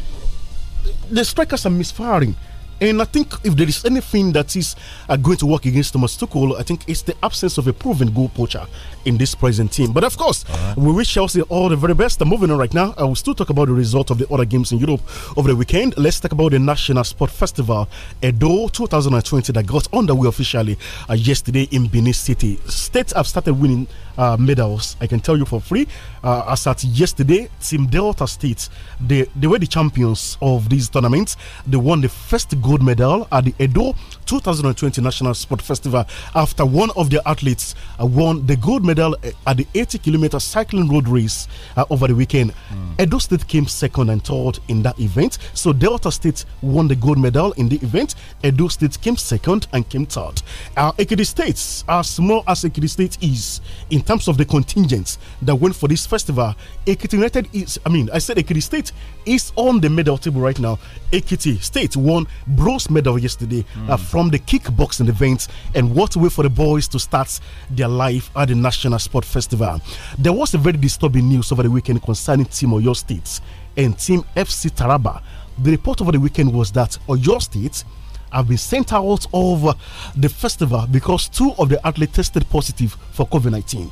The strikers are misfiring. And I think if there is anything that is uh, going to work against Thomas Tuchel, I think it's the absence of a proven goal poacher in this present team. But of course, right. we wish Chelsea all the very best. I'm moving on right now. I will still talk about the result of the other games in Europe over the weekend. Let's talk about the National Sport Festival Edo 2020 that got underway officially uh, yesterday in Benin City. States have started winning uh, medals. I can tell you for free. Uh, as at yesterday, Team Delta State, they, they were the champions of these tournaments. They won the first gold medal at the Edo 2020 National Sport Festival after one of their athletes uh, won the gold medal uh, at the 80 kilometer cycling road race uh, over the weekend. Mm. Edo State came second and third in that event. So Delta State won the gold medal in the event. Edo State came second and came third. Uh, Ekiti State, as small as Ekiti State is in terms of the contingents that went for this festival, Ekiti United is, I mean, I said Ekiti State is on the medal table right now. Ekiti State won bronze medal yesterday mm. uh, hmm from the kickboxing event and what way for the boys to start their life at the National Sport Festival. There was a very disturbing news over the weekend concerning Team Oyo State and Team FC Taraba. The report over the weekend was that Oyo State have been sent out of the festival because two of the athletes tested positive for COVID 19.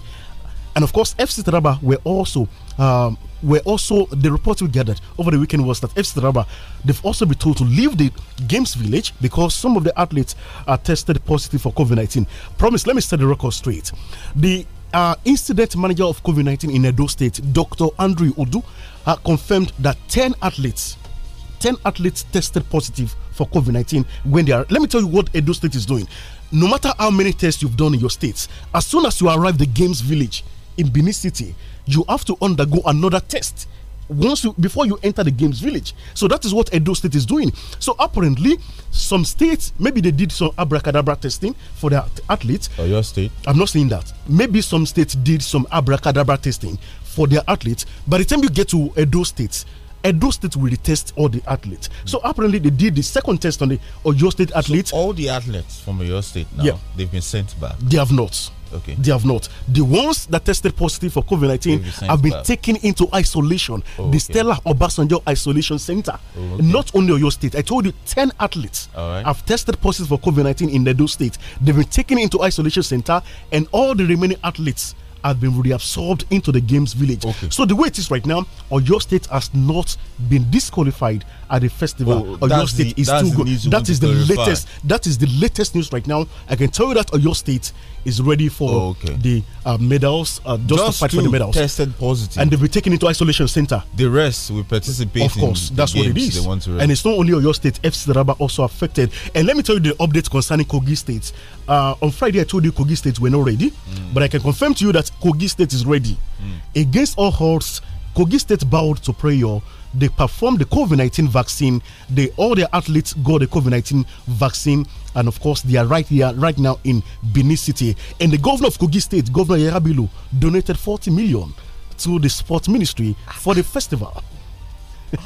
And of course, FC Taraba were also um, were also the report we gathered over the weekend was that FC Taraba they've also been told to leave the games village because some of the athletes are tested positive for COVID 19. Promise, let me set the record straight. The uh, incident manager of COVID 19 in Edo State, Dr. Andrew Udu, uh, confirmed that 10 athletes 10 athletes tested positive for COVID 19 when they are. Let me tell you what Edo State is doing. No matter how many tests you've done in your states, as soon as you arrive the games village, in Benin City, you have to undergo another test once you before you enter the games village. So that is what Edo State is doing. So apparently, some states maybe they did some abracadabra testing for their athletes. Or your state? I'm not saying that. Maybe some states did some abracadabra testing for their athletes. By the time you get to Edo State. Edo State will retest all the athletes. Mm. So apparently they did the second test on the Oyo State athletes. So all the athletes from Oyo State now, yeah. they've been sent back. They have not. Okay. They have not. The ones that tested positive for COVID 19 have been taken into isolation. Oh, the Stella Obasanjo Isolation Center. Oh, okay. Not only your state. I told you 10 athletes right. have tested positive for COVID 19 in Edo state. They've been taken into isolation center, and all the remaining athletes have been reabsorbed into the game's village. Okay. So the way it is right now, Oyo State has not been disqualified at the festival. Oh, Oyo State the, is too good. That is the latest. That is the latest news right now. I can tell you that Oyo State is ready for oh, okay. the uh, medals, uh, just, just to fight for the medals. Tested positive, and they'll be taken into isolation center. The rest will participate. Of course, that's what it is. and it's not only Oyo State, FC Daraba also affected. And let me tell you the update concerning Kogi State. Uh, on Friday, I told you Kogi State were not ready, mm. but I can confirm to you that Kogi State is ready. Mm. Against all odds, Kogi State bowed to prayer. They performed the COVID 19 vaccine. They all their athletes got the COVID 19 vaccine. And of course, they are right here, right now in Benin City. And the governor of Kogi State, Governor Yerabilu, donated 40 million to the sports ministry for the festival. *laughs*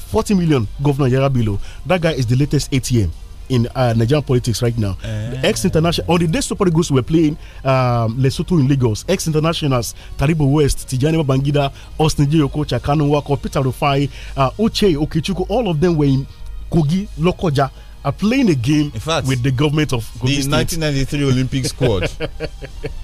40 million, Governor Yerabilu. That guy is the latest ATM in uh, Nigerian politics right now. Uh. Ex international on the day Super Eagles were playing um, Lesotho in Lagos, ex internationals Taribo West, Tijani Bangida, Austin Jiyoko, Chakano Wako, Peter Rufai, uh, Uche Okichuku, all of them were in Kogi, Lokoja are uh, playing a game fact, with the government of Kogi the 1993 Olympic squad.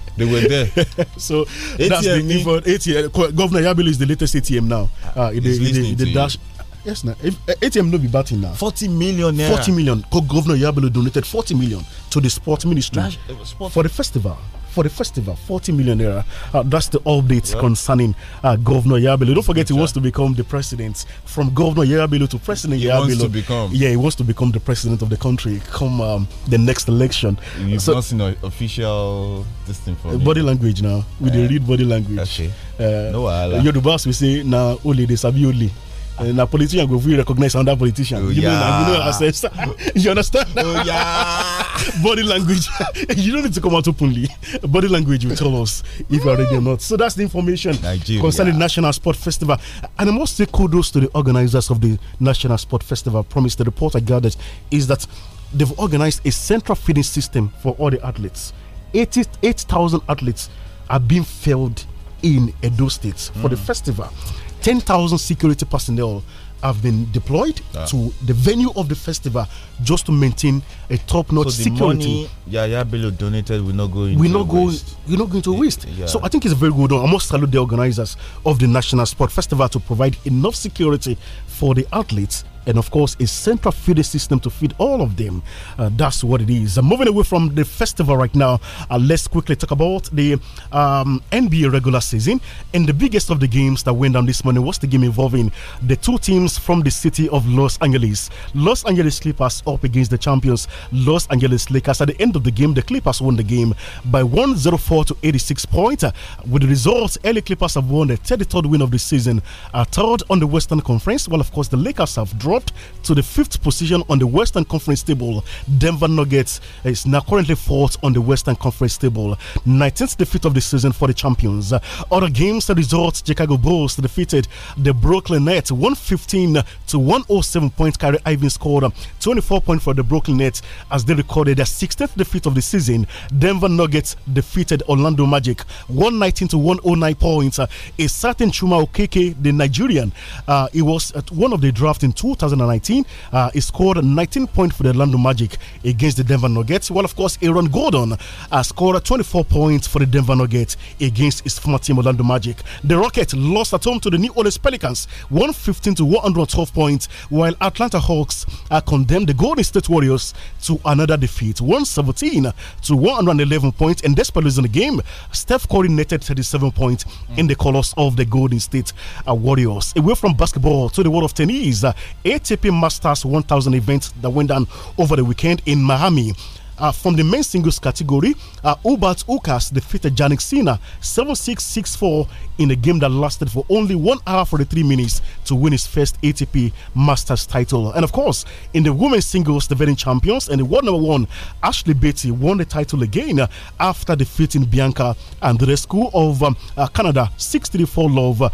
*laughs* they were there. *laughs* so ATM that's the ATM. Governor Yabili is the latest ATM now. Uh, in the, in the, in the dash. Yes, now if eh, ATM no be batting now. Forty million. Naira. Forty million. Governor Yabelo donated forty million to the sports ministry eh, sport. for the festival. For the festival, 40 million naira. Uh, that's the update concerning uh, Governor Yabelo. Don't forget, he wants to become the president. From Governor Yabelo to President he Wants to become. Yeah, he wants to become the president of the country come um, the next election. You've so, not seen an official this thing for eh, Body me. language now. We uh, read body language. Okay. Uh, no, boss we say, now, only they sabi only and eh, a politician go really recognize another politician. Oh, you yeah. you know access? *laughs* you understand? Oh yeah. *laughs* Body language. *laughs* you don't need to come out openly. Body language will tell us if you're ready or not. So that's the information Nigeria. concerning National Sport Festival. And I must say kudos to the organizers of the National Sport Festival. Promise the report I gathered is that they've organized a central feeding system for all the athletes. 88,000 athletes are being fed in Edo State mm. for the hmm. festival. 10,000 security personnel have been deployed ah. to the venue of the festival just to maintain a top-notch so security. Yeah, yeah, Bello donated will not go We will not go You're not going to waste. Yeah. So I think it's very good. I must salute the organizers of the National Sport Festival to provide enough security for the athletes and of course a central feeder system to feed all of them. Uh, that's what it is. Uh, moving away from the festival right now, uh, let's quickly talk about the um, NBA regular season. And the biggest of the games that went down this morning was the game involving the two teams from the city of Los Angeles. Los Angeles Clippers up against the champions Los Angeles Lakers. At the end of the game, the Clippers won the game by 104 to 86 points. Uh, with the result, LA Clippers have won the 33rd win of the season, uh, third on the Western Conference, while of course the Lakers have drawn dropped to the fifth position on the Western Conference table. Denver Nuggets is now currently fourth on the Western Conference table. 19th defeat of the season for the champions. Other games and results Chicago Bulls defeated the Brooklyn Nets 115 to 107 points. Kyrie Irving scored 24 points for the Brooklyn Nets as they recorded their 16th defeat of the season. Denver Nuggets defeated Orlando Magic 119 to 109 points. Uh, A certain Chuma Okeke, the Nigerian, uh, he was at one of the draft in 2000. 2019. Uh, he scored 19 points for the Orlando Magic against the Denver Nuggets. Well, of course, Aaron Gordon uh, scored 24 points for the Denver Nuggets against his former team Orlando Magic. The Rockets lost at home to the New Orleans Pelicans 115 to 112 points, while Atlanta Hawks uh, condemned the Golden State Warriors to another defeat 117 to 111 points. And despite losing the game, Steph Curry netted 37 points mm. in the colors of the Golden State uh, Warriors. Away from basketball to the world of tennis, uh, ATP Masters 1000 event that went down over the weekend in Miami uh, from the men's singles category. Uh, Hubert Ukas defeated Janik Sina 7 6 6 4 in a game that lasted for only 1 hour 43 minutes to win his first ATP Masters title. And of course, in the women's singles, the defending champions and the world number one, Ashley Beatty, won the title again uh, after defeating Bianca Andreescu of um, uh, Canada 6 3 4 love. Uh,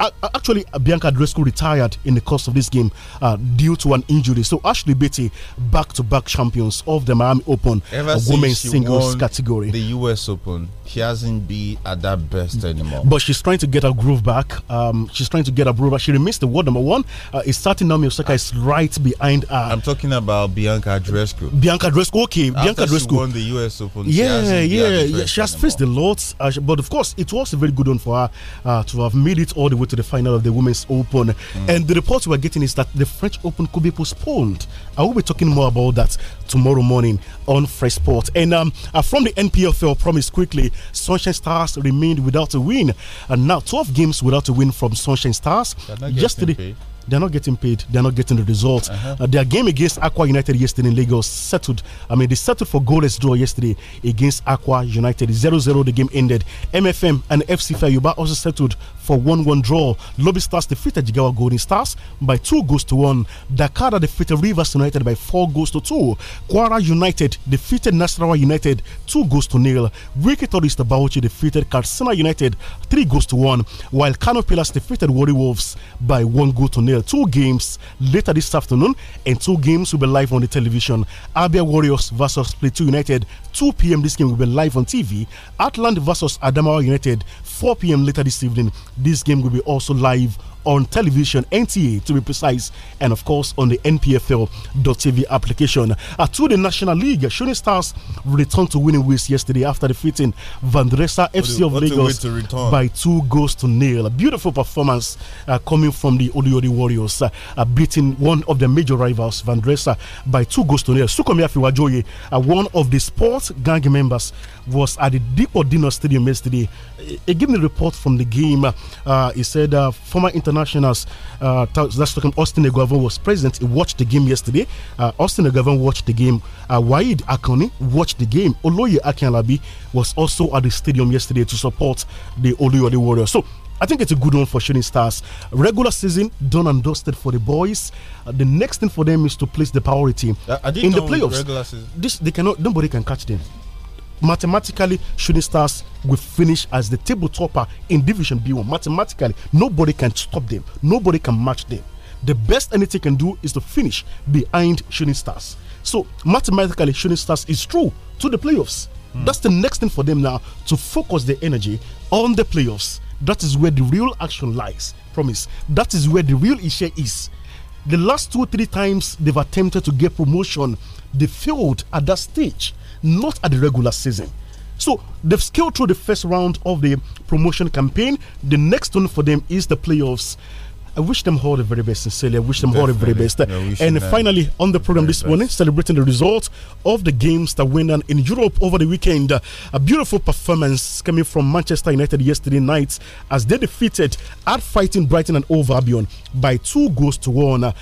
uh, actually, Bianca Andreescu retired in the course of this game uh, due to an injury. So Ashley Beatty, back to back champions of the Miami Open Ever women's singles category. The US Open, she hasn't been at that best anymore. But she's trying to get her groove back. Um, she's trying to get her groove back. She remains the world number one. Uh, is starting Naomi Osaka is right behind her. I'm talking about Bianca Andreescu. Bianca Andreescu, okay. After Bianca Andreescu won the US Open. Yeah, yeah, yeah. She has anymore. faced a lot, uh, but of course, it was a very good one for her uh, to have made it all the way to the final of the Women's Open. Mm. And the reports we're getting is that the French Open could be postponed I will be talking more about that tomorrow morning on Fresh Sport. And um, uh, from the NPFL, promise quickly, Sunshine Stars remained without a win, and now 12 games without a win from Sunshine Stars. Yesterday. They're not getting paid. They're not getting the results. Uh -huh. uh, their game against Aqua United yesterday in Lagos settled. I mean, they settled for goalless draw yesterday against Aqua United. 0-0 the game ended. MFM and FC Fayuba also settled for 1-1 draw. Lobby Stars defeated Jigawa Golden Stars by 2 goals to 1. Dakar defeated Rivers United by 4 goals to 2. Kwara United defeated Nasarawa United 2 goals to nil. Wiki Bauchi defeated Karsina United 3 goals to 1. While Kano Pillars defeated Warri Wolves by 1 goal to nil uh, two games later this afternoon, and two games will be live on the television. Abia Warriors versus Plateau United, 2 p.m. This game will be live on TV. Atlanta versus Adamawa United, 4 p.m. later this evening. This game will be also live on television, NTA to be precise, and of course on the NPFL.tv application. Uh, to the National League, Shooting Stars returned to winning ways yesterday after defeating Vandresa FC of Lagos by two goals to nil. A beautiful performance uh, coming from the Odiodi Warriors, uh, uh, beating one of their major rivals, Vandresa, by two goals to nil. Sukomi Afiwajoye, uh, one of the sports gang members was at the Deepo Dino Stadium yesterday. He gave me a report from the game. Uh, he said uh, former internationals, uh, that's talking Austin Eguavon was present. He watched the game yesterday. Uh, Austin Eguavon watched the game. Uh, Waid Akoni watched the game. Oloye Akinlabi was also at the stadium yesterday to support the Oluyole Warriors. So I think it's a good one for shooting stars. Regular season done and dusted for the boys. Uh, the next thing for them is to place the priority uh, in the playoffs. This they cannot. Nobody can catch them mathematically, Shooting Stars will finish as the table topper in Division B1. Mathematically, nobody can stop them, nobody can match them. The best anything can do is to finish behind Shooting Stars. So, mathematically, Shooting Stars is true to the playoffs. Mm. That's the next thing for them now to focus their energy on the playoffs. That is where the real action lies. Promise. That is where the real issue is. The last two, three times they've attempted to get promotion, they failed at that stage not at the regular season. So they've scaled through the first round of the promotion campaign. The next one for them is the playoffs. I wish them all the very best, sincerely. I wish them Definitely. all the very best. Yeah, and finally, on the program this best. morning, celebrating the results of the games that went on in Europe over the weekend. A beautiful performance coming from Manchester United yesterday night as they defeated at fighting Brighton and Over Albion by two goals to one. Uh,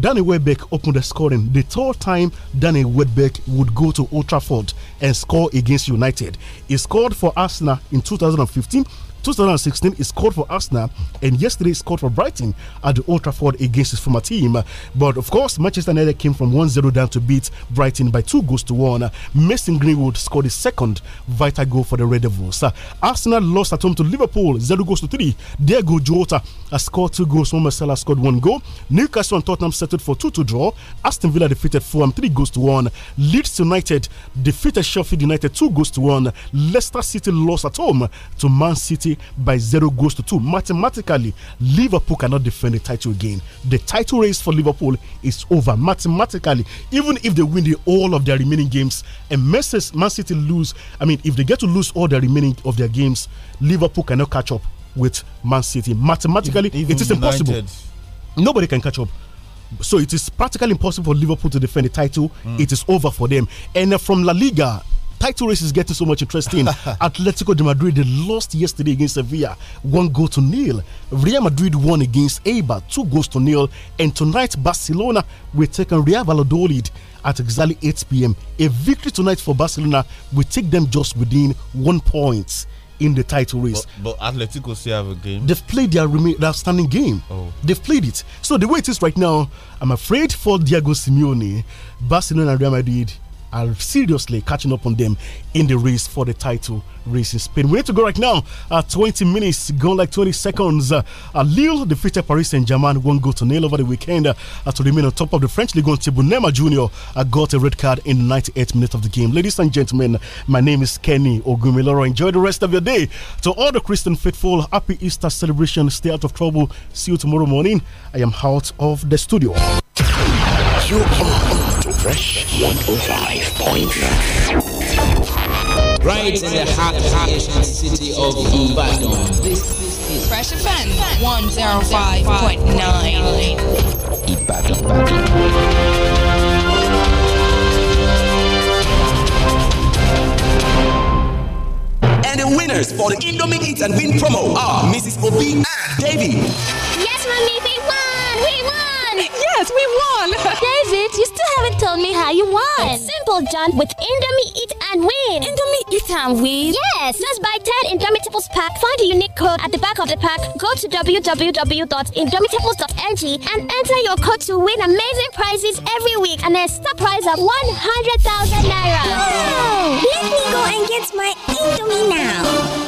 Danny Webbeck opened the scoring. The third time Danny Webbeck would go to Old Trafford and score against United. He scored for Arsenal in 2015 2016, he scored for Arsenal, and yesterday he scored for Brighton at the Old Trafford against his former team. But of course, Manchester United came from 1 0 down to beat Brighton by two goals to one. Mason Greenwood scored his second vital goal for the Red Devils. Arsenal lost at home to Liverpool, 0 goals to 3. Diego Jota scored two goals, Mohamed Salah scored one goal. Newcastle and Tottenham settled for 2 to draw. Aston Villa defeated Fulham 3 goals to 1. Leeds United defeated Sheffield United 2 goals to 1. Leicester City lost at home to Man City. City by zero goals to two. Mathematically, Liverpool cannot defend the title again. The title race for Liverpool is over. Mathematically, even if they win the, all of their remaining games and Man City lose, I mean, if they get to lose all the remaining of their games, Liverpool cannot catch up with Man City. Mathematically, even it is impossible. United. Nobody can catch up. So it is practically impossible for Liverpool to defend the title. Mm. It is over for them. And from La Liga, title race is getting so much interesting. *laughs* Atletico de Madrid they lost yesterday against Sevilla, one goal to nil. Real Madrid won against Eibar, two goals to nil. And tonight, Barcelona will take on Real Valladolid at exactly 8 p.m. A victory tonight for Barcelona will take them just within one point in the title race. But, but Atletico still have a game. They've played their remain outstanding game. Oh. They've played it. So the way it is right now, I'm afraid for Diego Simeone, Barcelona and Real Madrid are seriously catching up on them in the race for the title race in Spain. We need to go right now. Uh, 20 minutes gone, like 20 seconds. Uh, Lille defeated Paris Saint Germain Won't go to nil over the weekend uh, to remain on top of the French league on table. Neymar Jr. Uh, got a red card in the 98th minute of the game. Ladies and gentlemen, my name is Kenny Ogumiloro. Enjoy the rest of your day. To all the Christian faithful, happy Easter celebration. Stay out of trouble. See you tomorrow morning. I am out of the studio. You are Fresh 105.9. Right in the heart of the city of Ibadan. Fresh Offense 105.9. Ibadan. And the winners for the Indomie Eat and Win promo are Mrs. Obi and Davy. Yes, mommy, we won! We won! Yes, we won! *laughs* David, You still haven't told me how you won! It's simple, John. With Indomie Eat and Win! Indomie Eat and Win? Yes! Just buy 10 Indomitables pack, find a unique code at the back of the pack, go to www.indomitables.ng and enter your code to win amazing prizes every week and a star prize of 100,000 Naira! Let me go and get my Indomie now!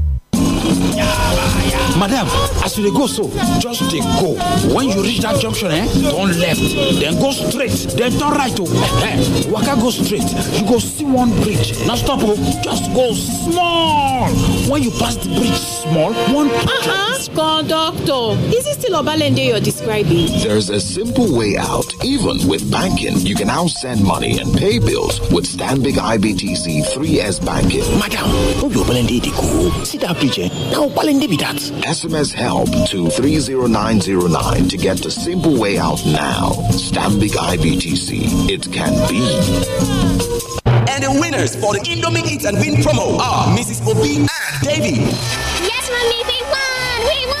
Madam, as you go so, just they go. When you reach that junction, eh, turn left, then go straight, then turn right. Oh, eh, Waka go straight. You go see one bridge. Now stop. Oh, just go small. When you pass the bridge, small one. uh huh. Conductor, is it still Obalende you're describing? There's a simple way out. Even with banking, you can now send money and pay bills with Stanbic IBTC 3S banking. Madam, don't go? See that bridge, eh? Now, Palendibitat. SMS help to 30909 to get the simple way out now. Stambik IBTC. It can be. And the winners for the Indomie Eat and Win promo are Mrs. Obi and Davy. Yes, mommy, we won! We won!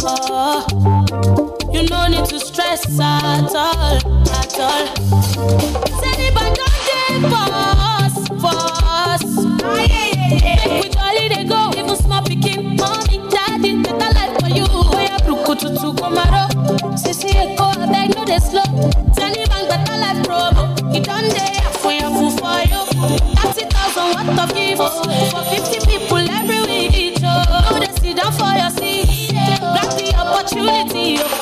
you no need to stress at all, at all. Say but don't give us, for us. Oh, yeah, yeah, yeah. With go, even small picking, mommy, daddy, better life for you. Where you look to to Komaro, sissy, go, I beg, no, they slow. Taliban, better life bro. You done there for you, for you. 30,000 watt of gifts for 50 people. pity you.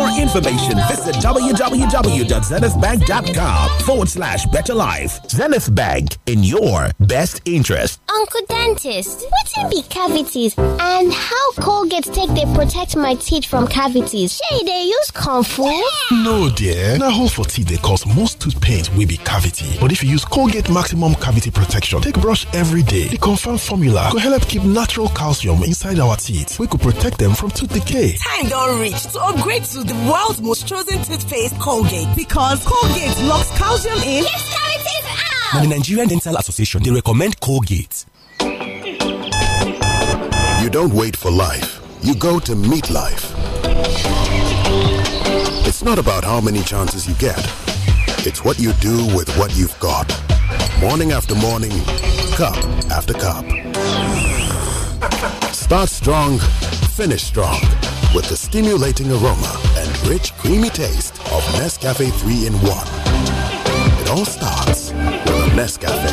more information, visit www.zenithbank.com forward slash better life. Zenith Bank, in your best interest. Uncle Dentist, what be cavities and how Colgate take they protect my teeth from cavities? Shey, they use Comfort? No, dear. Now, hold for teeth they cause most tooth pain will be cavity. But if you use Colgate Maximum Cavity Protection, take brush every day. The confirmed formula could help keep natural calcium inside our teeth. We could protect them from tooth decay. Time don't reach to upgrade to the world's most chosen toothpaste, Colgate. Because Colgate locks calcium in. Keeps cavities out! And the Nigerian Dental Association, they recommend Colgate. You don't wait for life. You go to meet life. It's not about how many chances you get. It's what you do with what you've got. Morning after morning, cup after cup. Start strong, finish strong with the stimulating aroma and rich, creamy taste of Nescafe 3 in 1. It all starts with Nescafe.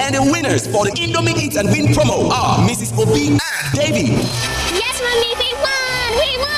And the winners for the Indomie Eat and Win promo are Mrs. Obi and Davy. Yes, mommy, we won! We won!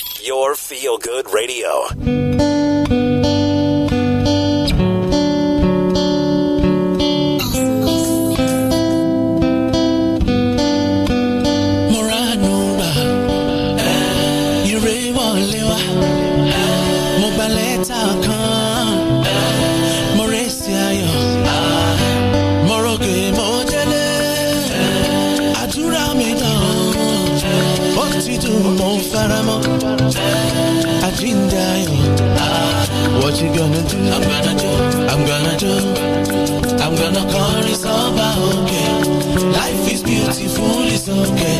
your feel good radio. what gonna do? I'm gonna do, I'm gonna do. I'm gonna call it's over, okay. Life is beautiful, it's okay.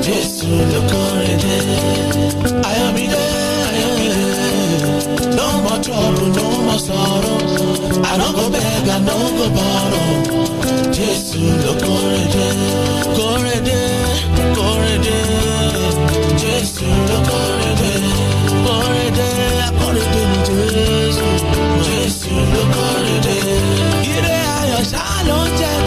Just to look I am in there. No more trouble, no more sorrow. I don't go beg, I don't go borrow. Just to look Korede, Korede, Just to look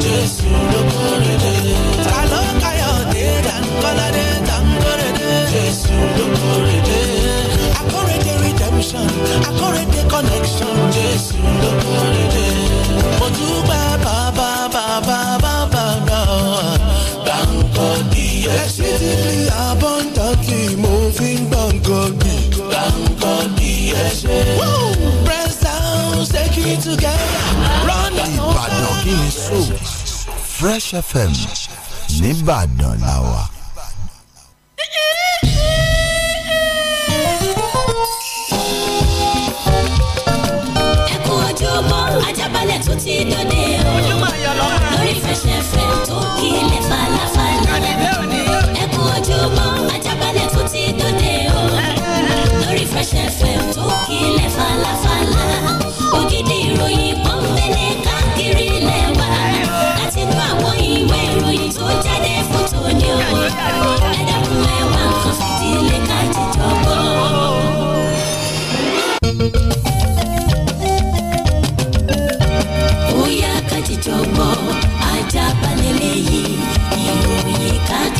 Jésù ló kórè dé. Ta ló káyọ̀ dé Dankọ́lá dé Dankórè dé? Jésù ló kórè dé. Akórèdé redemption, akórèdé connection, Jésù ló kórè dé. Mo dúpẹ́ bàbá bàbá bàbá gbà ọ́. Dankọ́ di ẹsẹ̀. Exceedingly abundantly mo fi ń gbọ̀ngàn gbì. Dankọ́ di ẹsẹ̀. Press down, take it together, run it dọ̀kíni sọ Fresh FM nìbàdàn làwà. ẹ kú ojúbọ ajábalẹ̀ tó ti dòde o lórí Fresh FM tó kílẹ̀ falafala.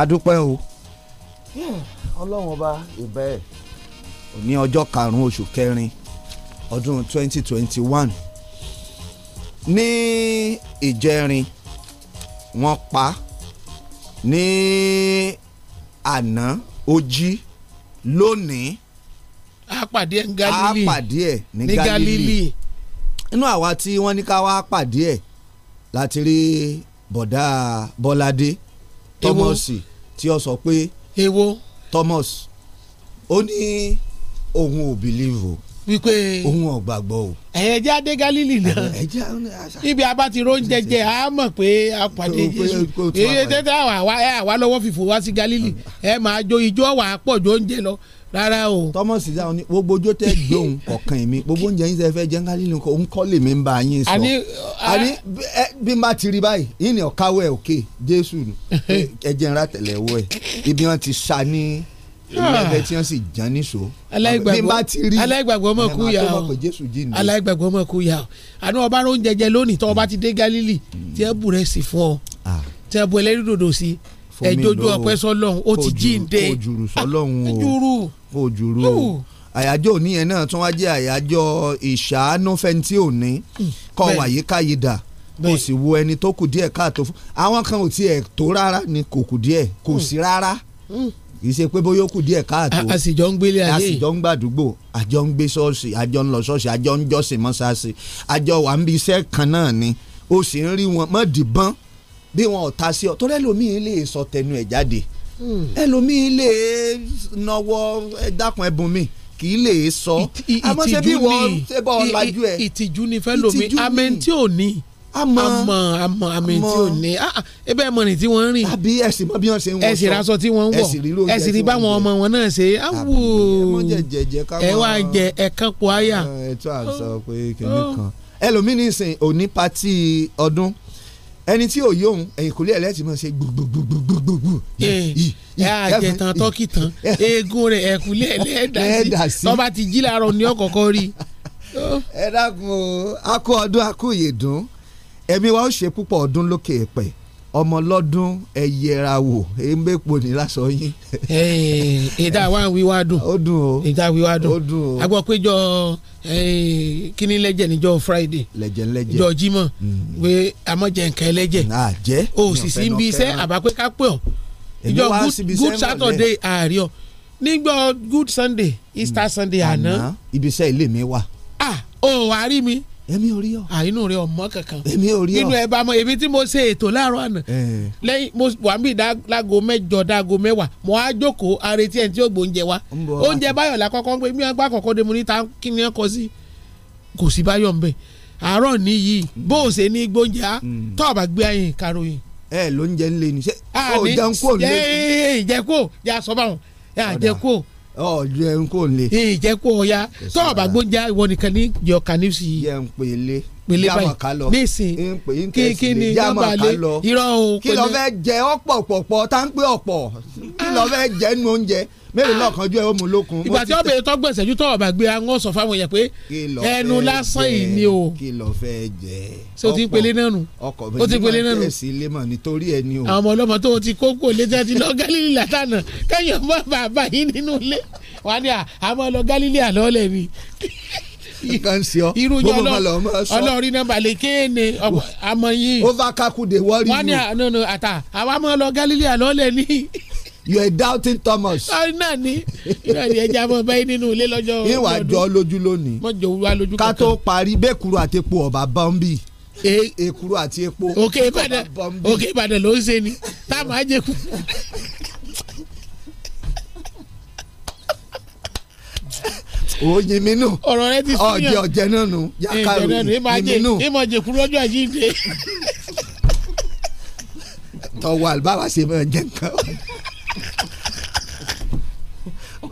adúpẹ́ o. Hmm, ọlọ́run ọba ìbẹ́ ẹ̀. òní ọjọ́ karùn-ún oṣù kẹrin ọdún twenty twenty one ní ìjẹrin wọ́n pa ní àná ojí lónìí. a pàdé ẹ̀ ní Galili a pàdé ẹ̀ ní Galili inú àwa tí wọ́n ní ká wá pàdé ẹ̀ láti rí bọ̀dá Bọ́ládé. Thomas tí ó sọ pé èwo Thomas ó ní òun ò believe o wípé òun ò gbàgbọ́ o. ẹ̀yẹ jẹ́ adé Galili náà ibi a bá ti ro oúnjẹ jẹ a mọ̀ pé a pàdé Jésù èyí tẹ́tẹ́ àwa lọ́wọ́ fìfò wá sí Galili *laughs* ẹ máa jó ijó wà á pọ̀ jó oúnjẹ lọ rárá o. thomas ìdáhùn ni gbogbo ojó tẹ gbóhùn *laughs* kọ̀ọ̀kan mi gbogbo oúnjẹ yín sẹ́fẹ́ jẹ́ ńlá lílo nǹkan òun kọ́ lè mi ń bá yín sọ. àní àní bí n bá ti rí báyìí yín ni ọ̀káwé òkè jésù ẹ̀jẹ̀ ńlá tẹ̀lẹ̀ wọ ẹ̀ ibi wọn ti sa ní ah. ẹgbẹ́ tí wọ́n sì jàn níṣó. aláìgbàgbọ́ ọmọ kú ya o aláìgbàgbọ́ ọmọ kú ya o àná ọba ló ń jẹjẹ lónìí tọ́ ọba ti dé Gálílì hmm. tí ẹ bù rẹ̀ sí fún ọ ah. tí ẹ bù ẹlẹ́rìí dòdò sí i ẹjọjú ọpẹ́ sọ́lọ́run o ti jíǹde kò jùrù sọ́lọ́run o *laughs* kò jùrù o àyájọ́ òní yẹn náà tún wá jẹ́ àyájọ́ ìṣàánú fẹ́ntì òní hmm. kọ́ wàyí káyidà kò sì wo ẹni tó kù díẹ̀ káàtó fún àwọn kan ò tiẹ̀ tó rárá ni kò kù díẹ̀ kò hmm. sí rárá hmm. kì í ṣe pé bóyá ó kù díẹ̀ káàtó a ń gbélé ayé a ń gbàdúgbò a ń gbé ṣọ́ọ̀ṣì a ń lọ ṣọ́ọ̀ṣì a ń jọ́sìn mọ́ṣáṣì a jọ wà ń bí iṣẹ́ kan náà ni o sì ń rí wọn mọ́ dìbọn bí wọn ò ta sí ọ torí ẹlòmíín lè sọ tẹnu ẹ̀ jáde hmm. ẹlòmíín lè nọwọ́ dákun ẹ̀bùn mi kì í lè sọ àmọ́ bí wọ́n ṣe bọ́ ọ ẹ̀ ìtìjú ni fẹ́ lomi amẹ́ tí ò ní àmọ́ àmọ́ àmì tí ò ní ebe ah, ah, ẹ mọ ní tí wọ́n rìn àbí ẹsìn mọ bí wọ́n ṣe ń wọ ẹsìn aṣọ tí wọ́n ń wọ ẹsìn rí báwọn ọmọ wọn náà ṣe á ẹ wá jẹ ẹkan po aya. ẹ tó ní ìsìn òní pati ọdún ẹni tí ò yóò ẹ̀yìnkùlé ẹ̀ lẹ́tì máa ṣe gbogbogbogbogbò. Eh, ẹ àjẹtàn tọ́kì tán *laughs* eegun rẹ̀ ẹ̀kúlé ẹ̀lẹ́dà sí tọ́ba ti jí làárọ̀ ní ọ̀kọ̀ọ̀kọ̀ rí. ẹ dákun o a kú ọdún a kú ìyèdún ẹ̀mí wa ó ṣe púpọ̀ ọdún lókè ẹ̀pẹ̀ ọmọ lọ́dún ẹ yẹra wò ẹ̀ẹ́mẹ́pò ní lásọ yín. ìta wa ń wíwá dùn ó dùn o ìta wíwá dùn ó dùn o. a gbọ́ pé jọ kíní lẹ́jẹ̀ níjọ́ Friday lẹ́jẹ̀ lẹ́jẹ̀ jọ Jímọ̀ mm. pé amọ̀jẹ̀ nǹkan ẹlẹ́jẹ̀ o sì sí ibi iṣẹ́ àbápẹ́ ká pẹ́ ọ́ ìjọ Good Saturday ààrẹ ọ nígbà Good Sunday Easter mm. Sunday àná. ibi iṣẹ́ ilé mi wà. ah o àárí mi èmi ò rí ọ. àìnú rẹ ọmọ kankan. èmi ò rí ọ. nínú ẹ bá mọ èmi tí mo ṣe ètò láàárọ̀ àná. lẹ́yìn mo wà ń bì lágo mẹ́jọ dágo mẹ́wàá mo á jókòó arètí ẹ̀ tí ó gbóúnjẹ wa. oúnjẹ báyọ̀ la kọ́kọ́ ń pè mí àgbà kọ̀kọ́ de mo níta kí ni ẹ kọ sí. kò sí báyọ̀ ń bẹ̀ àárọ̀ níyì bó o ṣe ní gbóúnjẹ á mm. tọ́ ọ gbé ayin karòyìn. ẹ ló ń jẹ ń lé ni ṣé ó jẹun kó ọ jẹun kò le. ìjẹ́ kó o ya tọ́ ọ̀bà gbóúnjẹ ìwọ nìkan ní yọ̀ọ̀kan ní sí i. jẹun pèlè pélé báyìí nísìn kí ni nọ́mbà lé irọ́ o pélé. kí lọ fẹ́ jẹ ọ̀pọ̀ pọ̀pọ̀ tá ń pé ọ̀pọ̀ kí lọ fẹ́ jẹ nu oúnjẹ mélòó náà kanjú ẹ ó mu lókun. ìgbà tí ọbẹ̀ tó gbọ̀nsẹ̀ ju tọ́wọ̀ bá gbé àwọn sọ fáwọn yẹn pé ẹnu lásán yìí ni o. kí lọ fẹ́ jẹ ṣé o ti pélé náà tẹ̀sí ilé nítorí ẹ ni o. àwọn ọmọ tó ti kókó lé tẹ́tí lọ gálílì látànà kẹ́yìn ọmọ bàbá yìí nínú ilé wà ní àmọ́ lọ gálílì àlọ́ lẹ́ni nǹkan ọ gbogbo ọlọrin náà balẹ̀ kéènì àmọ́ yìí. over kakude worry you. wọ́n ní àná àtà àwa máa lọ Galilei àlọ́lẹ̀ ní. you are doubting Thomas. ọ̀rọ̀ náà ni iná ẹja mọ̀ báyìí nínú ilé lọ́jọ́ ìwà jọ lójú lónìí. mọ̀ jọ wá lójú kankan. ká tó parí bẹ́ẹ̀kuru àti epo ọ̀bà bọ́m̀bì e, èkuru àti epo. òkè Ìbàdàn òkè Ìbàdàn ló ń ṣe ni táwọn máa jẹ kú. oyin mi nù ọ̀rọ̀ rẹ ti sún yàn ọ̀jẹ̀ ọ̀jẹ̀ náà nù yàkàrò yìn mi nù ìmọ̀ jẹ kúrò ọjọ́ àjíǹde. tọwọ́ àlùbáwá ṣe máa jẹ nǹkan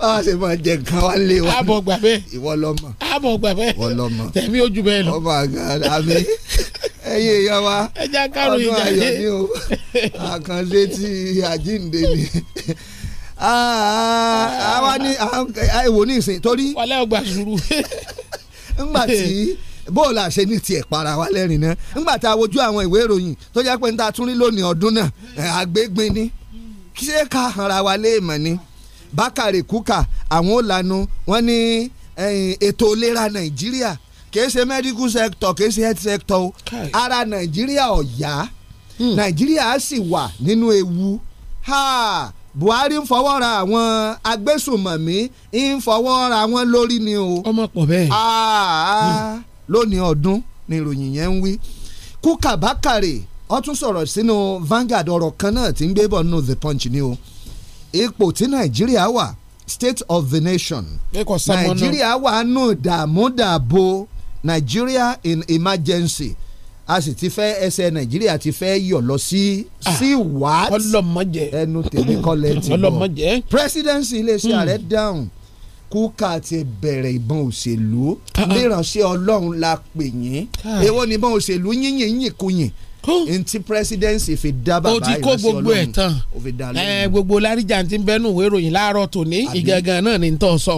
báwa ṣe máa jẹ nǹkan wá lé wa. àbọ̀ gbà bẹ́ẹ̀ ìwọ lọ́mọ. àbọ̀ gbà bẹ́ẹ̀ ìwọ lọ́mọ. tẹ̀mí ojú bẹ́ẹ̀ lọ. ọmọ àga àmì ẹyẹ ìyá wa ọdún ayọ̀ ni o àkànṣe ti àjíǹde ni. àwa a ìwò ní ìsìn torí. wàlẹ́ ọgbà sùúrù. ńgbà tí bóòlù àṣẹ ní tiẹ̀ para wa lẹ́rìn náà ńgbà tá a wojú àwọn ìwé ìròyìn tó jẹ́ pé ń ta tún rí lónìí ọdún náà eh, àgbégbin ni ṣé ká hanra wa léèmọ̀ ni bákàrè kúkà àwọn ò lanu wọn ní eh, ètò ìlera nàìjíríà kìí ṣe medical sector kìí ṣe health sector o ara nàìjíríà ọ̀yá hmm. nàìjíríà sì wà nínú ewu ha Buhari ń fọwọ́ ra àwọn agbésùnmọ̀mí ń fọwọ́ ra wọn lórí ni o. ọmọ pọ̀ bẹ́ẹ̀. lónìí ọdún ni ìròyìn yẹn ń wí. Kúkà Bákàrè ó tún sọ̀rọ̀ sínú Vanguard ọ̀rọ̀ kan náà tí ń gbé bọ̀ nínú The Punch ni o. ipò tí Nàìjíríà wà state of the nation. Nàìjíríà wà nù dààmú dààbò Nàìjíríà in emergency a sì ti fẹ́ ẹsẹ̀ nàìjíríà ti fẹ́ yọ̀ lọ sí ah, sí wàá ẹnu tèmi kọ́lẹ̀ ti bọ̀ presidency iléeṣẹ́ hmm. ààrẹ dáhùn kúkà ti bẹ̀rẹ̀ ìbọn òṣèlú léránṣẹ́ ah, ah. ọlọ́run la pè yín èwo ni ìbọn òṣèlú yínyìn yín kò yìn ntí presidency fi dá bàbá ìrẹsì ọlọ́run o ti kó gbogbo ẹ̀ tán gbogbo láríjà ti ń bẹ́nu ìwé ìròyìn láàárọ̀ tòní ìgangan náà ni tó sọ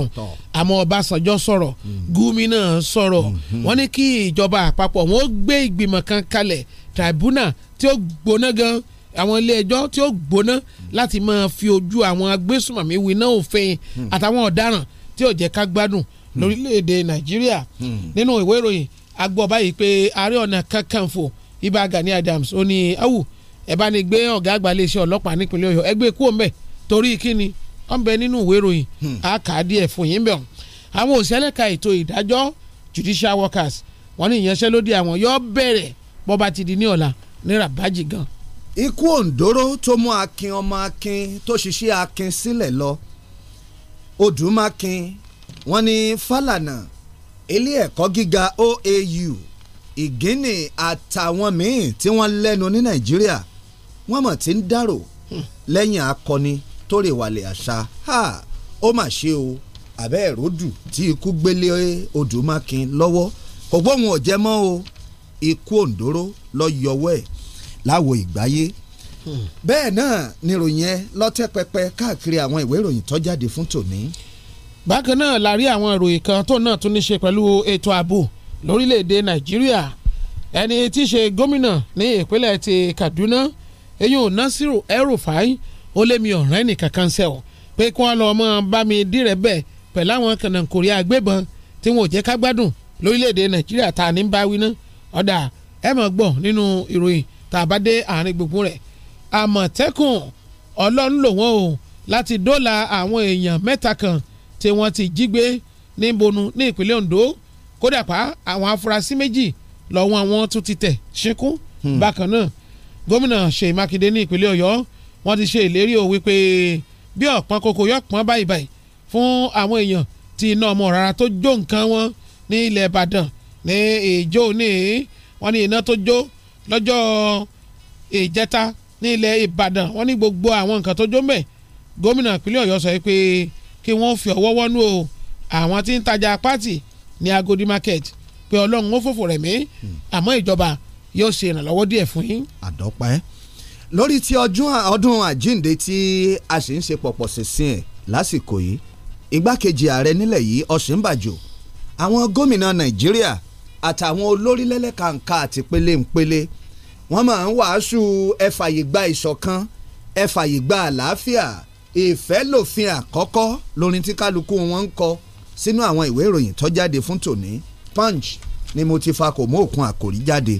àmọ́ Ọbásanjọ́ sọ̀rọ̀ hmm. Gumi náà sọ̀rọ̀ hmm, hmm. wọ́n ní kí ìjọba àpapọ̀ wọ́n gbé ìgbìmọ̀ kan kalẹ̀ tribunal tí ó gbóná gan àwọn ilé ẹjọ́ tí ó gbóná láti máa fi ojú àwọn agbésùnmọ̀mí winá òfin àtàwọn ọ̀daràn tí ò jẹ́ ká gbádùn lórílẹ̀‐èdè Nàìjíríà nínú ìwé ìròyìn a báyìí pé Ààrẹ Ọ̀nà Kakanfò Ìbà Gani Adams ó ní awù ẹ bá ní gbé ọ̀gá àgbà iléeṣẹ́ ọlọ́pàá nípínlẹ̀ Ọ̀yọ́ ẹ gbé e kú òǹbẹ̀ torí kíni ọ̀ǹbẹ nínú ìwé ìròyìn hmm. á díẹ̀ fún yín bẹ̀ àwọn òṣèlẹ́ka ètò ìdájọ́ judicial workers wọ́n ní ìyanṣẹ́lódì àwọn yóò bẹ̀rẹ̀ bó bá ti di ní ọ̀la ní rabaji gan. ikú òǹdóró tó mú akin ọmọ akin tó ṣiṣẹ́ akin sílẹ̀ lọ odùmákin wọ́n ní Fálànà ilé ẹ̀kọ́ gíga OAU ìgínní àtàwọn míín tí wọ́n lẹ́nu ní nàìjíríà wọ́n mọ̀ tí ń dárò hmm. lẹ́yìn akọni tó rè wàlẹ̀ àṣà ó mà ṣe o àbẹ́ ẹ̀rọ́dù tí ikú gbélé odùmákin lọ́wọ́ kò gbóhùn ọ̀jẹ́ mọ́ o ikú òǹdóró lọ yọwọ́ ẹ̀ láwo ìgbáyé hmm. bẹ́ẹ̀ náà níròyìn ẹ lọ́tẹ́ pẹpẹ káàkiri àwọn ìwé ìròyìn tó jáde fún tòní. bákan náà la rí àwọn ìròyìn kan tó náà tún ní ṣe pẹ̀lú ètò ààbò lórílẹ̀‐èdè nàìjíríà ẹni tí í ṣe gómìnà ní ìpínlẹ̀ ti kaduna eyín ò nasiru el-rufai ó lé mi ọ̀rẹ́ nìkan kan sẹ́ ọ̀ pé kí wọ́n lọ ọmọ bá mi dírẹ̀ bẹ́ẹ̀ pẹ̀lú àwọn kànáńkòrí agbébọn tí wọn ò jẹ́ ká gbádùn lórílẹ̀‐èdè nàìjíríà tá a ní bá winá ọ̀dà ẹ̀ mọ̀ gbọ́ nínú ìròyìn tá a bá dé àárín gbogbo rẹ̀ àmọ̀tẹ́kùn ọlọ́run lò wọ́n o láti dóòlà Ondo kódà pa àwọn afurasí méjì lọ́wọ́ àwọn tún ti tẹ̀ ṣínkún hmm. bákan náà gómìnà Ṣèyí Mákindé ní ìpínlẹ̀ Ọ̀yọ́ wọ́n ti ṣe ìlérí o wípé bí ọ̀pọ̀n kòkò yọ̀ pọ́n báyìí báyìí fún àwọn èèyàn tí iná ọmọ rárá tó jó nǹkan wọn ní ilẹ̀ Ìbàdàn ní ìjó ní wọ́n ní iná tó jó lọ́jọ́ ìjẹta ní ilẹ̀ Ìbàdàn wọ́n ní gbogbo àwọn nǹkan tó jó mẹ́ẹ̀ gómìnà ìpínlẹ̀ Ọ̀yọ́ sọ pé kí wọ́n fi ọwọ́ wọ́nú o àwọn tí ń tajà pátì ní Agodi market pé ọlọ́run ó fòfò rẹ̀ mí àmọ́ ìjọba yóò ṣe ìrànlọ́wọ́ díẹ̀ fún yín. àdọ́pẹ́ lórí ti ọdún àjíǹde tí a sì ń ṣe pọ̀pọ̀ sísìn ẹ̀ lásìkò yìí igbákejì ààrẹ nílẹ̀ yìí Ọ̀ṣínbàjò àwọn gómìnà Nàìjíríà àtàwọn olórí lẹ́lẹ́kàǹkà àti péléńpélé wọ́n máa ń wàásù ẹ fàyè gba ìṣọ̀kan ẹ gba àlàáfíà ìfẹ́ lòfin àkọ́kọ́ lórin tí kálukú wọn ń kọ́ sínú àwọn ìwé ìròyìn tó jáde fún tòní punch ni mo ti fa kò mú òkun àkòrí jáde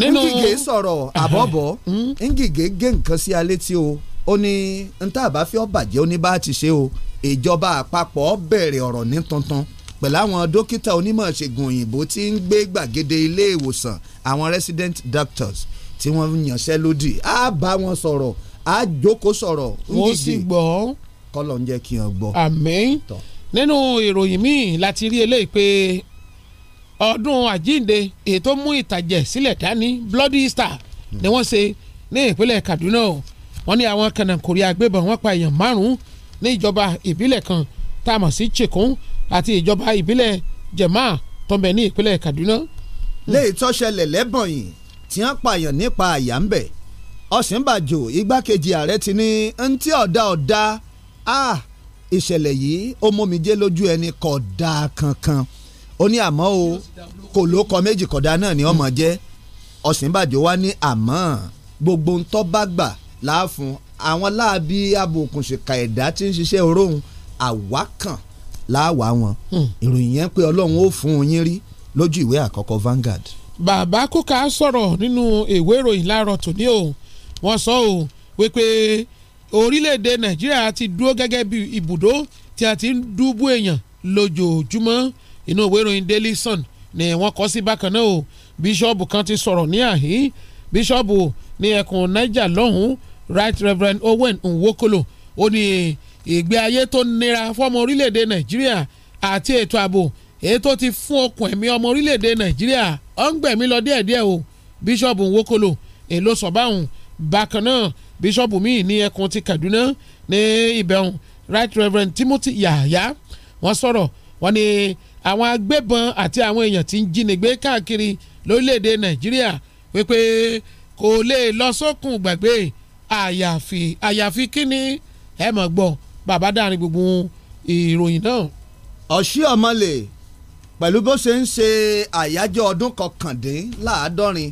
nínú Ngige sọ̀rọ̀ àbọ̀bọ̀ hmm? Ngige gé nǹkan sí alé tí o ó ní ntá àbá fi ọ́ bàjẹ́ ó ní bá ti ṣe o ìjọba àpapọ̀ bẹ̀rẹ̀ ọ̀rọ̀ ní tuntun pẹ̀lú àwọn dókítà onímọ̀ ṣègùn òyìnbó tí ń gbé gbàgede ilé ìwòsàn àwọn resident doctors tí wọ́n yànṣẹ́ lódì á bá wọn sọ̀rọ̀ á jókòó sọ̀rọ̀ Ngige wọ́n sì gbọ́ jẹ́ kí wọ́n gbọ́. àmín nínú ìròyìn míì láti rí eléyìí pé ọdún àjínde èyí tó mú ìtàjẹ̀ sílẹ̀ dání bloody star. ni wọ́n ṣe ní ìpínlẹ̀ Kaduna wọ́n ní àwọn kànáńkòrí agbébọn wọ́n pa èèyàn márùn-ún ní ìjọba ìbílẹ̀ kan tá a mọ̀ sí Chikun àti ìjọba ìbílẹ̀ Jema tó ń bẹ ní ìpínlẹ̀ Kaduna. léyìí tó ṣẹlẹ̀ lẹ́bọ̀nyìn tí wọ́n pààyàn nípa àyà ń bẹ̀ Ọ̀sìnbàjò igbákejì ààrẹ ti ní ntí ọ̀dà ọ̀dà ah ìṣẹ̀lẹ̀ yìí ó mómijé lójú ẹni kò dáa kankan ó ní àmọ́ o kò ló kọ méjì kódà náà ni ọmọ jẹ́ Ọ̀sínbàjò wá ní àmọ́ gbogbo ń tọ́ bá gbà láàfún àwọn láàbí abòkùnṣìkà ẹ̀dá tí ń ṣiṣẹ́ oróhùn àwákàn láàwá wọn hmm. ìròyìn yẹn pé ọlọ́run ó fún un yín rí lójú ìwé àkọ́kọ́ Vanguard. bàbá kúkà sọ̀rọ̀ nínú ìwé ìròyìn láàárọ̀ tòní o wọ́n sọ o wípé orílẹ̀-èdè nàìjíríà ti dúró gẹ́gẹ́ bí ibùdó tí a ti ń dúbú èèyàn lójoojúmọ́ inú ìwé ìròyìn Daily Sun ni wọ́n kọ sí bákan náà o bíṣọ́ọ̀bù kan ti sọ̀rọ̀ ní àhín bíṣọ́ọ̀bù ní ẹkùn Niger lọ́hùn-ún Right Reverend Owen Nwokolo ó ní ìgbé ayé tó nira fọ́mọ orílẹ̀-èdè nàìjíríà àti ètò ààbò èyí tó ti fún okùn ẹ̀mí ọmọ orílẹ̀-èdè nàìjíríà ó ń gbẹ̀mí lọ díẹ̀díẹ̀ o bíṣọ́ọ̀bù Nwokolo èlò sọ̀báhùn bákan náà bíṣọ́ọ̀bù míì ní ẹkùn ti Kaduna ní ibẹ̀hùn Right Reverend Timothy Yahya wọ́n sọ̀rọ̀ wọ́n ní àwọn agbébọn àti àwọn èèyàn tí ń jínigbé káàkiri lórílẹ̀‐èdè Nàìjíríà wípé kò lè lọ sókun gbàgbé àyàfi àyàfi kíni ẹ mọ̀ gbọ́ bàbá dárin gbogbo ìròyìn náà. ọ̀sí ọ̀mọ́lẹ̀ pẹ̀lú bó ṣe ń ṣe àyájọ́ ọdún kọkàndínláàádọ́rin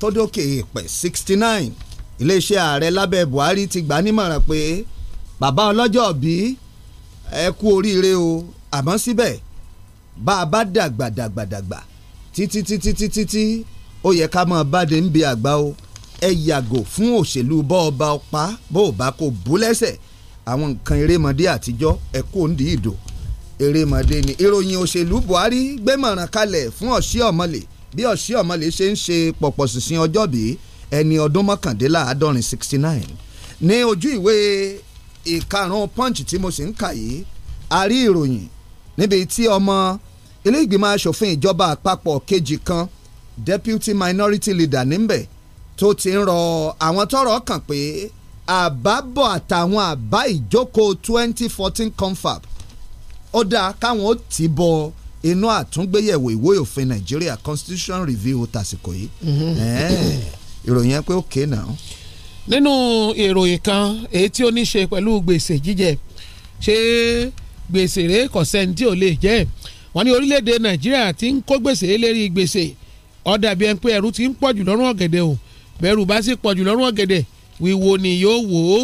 tó dókè èèpẹ̀ sixty nine iléeṣẹ́ ààrẹ lábẹ́ Buhari ti gbà nímọ̀ràn pé bàbá ọlọ́jọ́ bí ẹ kú oríire o àmọ́ síbẹ̀ bá a bá dàgbà dàgbà dàgbà títí títí títí tí ó yẹ ká máa báde ń bi àgbà o ẹ yàgò fún òṣèlú bọ́ ọba ọ̀pá bó o bá kò bú lẹ́sẹ̀ àwọn nǹkan erémọdé àtijọ́ ẹ kó ń di ìdò erémọdé ni ìròyìn òṣèlú Buhari gbẹ́mọ̀ràn kalẹ̀ fún ọ̀sí ọ̀mọ̀lẹ̀ bí ọ̀sí ọ̀mọ̀lẹ̀ ṣe ń ṣe pọ̀pọ̀ sísìn ọjọ́ bíi ẹni ọdún mọ́kàndínláàádọ́rin sixty nine ní ojú ìwé ìkarùn punch tí mo sì ń kà yìí a rí ìròyìn níbi tí ọmọ ilé ìgbìmọ̀ asòfin ìjọba àpapọ̀ kejì kan deputy minority leader níbẹ̀ tó ti ń rọ àwọn tọ́rọ̀ kàn pé àbábọ̀ àtàwọn àbá ìjókòó twenty fourteen confab ó dáa káwọn ó ti bọ inú àtúngbéyẹ̀wò ìwé òfin Nàìjíríà constitution review tàsìkò yìí. Mm-hmm ìròyìn ẹ pé òkè náà. nínú ìròyìn kan èyí tí ó ní ṣe pẹ̀lú gbèsè jíjẹ ṣé gbèsè rẹ kò sẹ́ni tí ò lè jẹ́ wọ́n ní orílẹ̀-èdè nàìjíríà ti ń kó gbèsè lérí gbèsè ó dàbí ẹni pé ẹrù ti ń pọ̀jù lọ́rùn ọ̀gẹ̀dẹ̀ o bẹ́rù bá sì pọ̀jù lọ́rùn ọ̀gẹ̀dẹ̀ wíwo ni yóò wò ó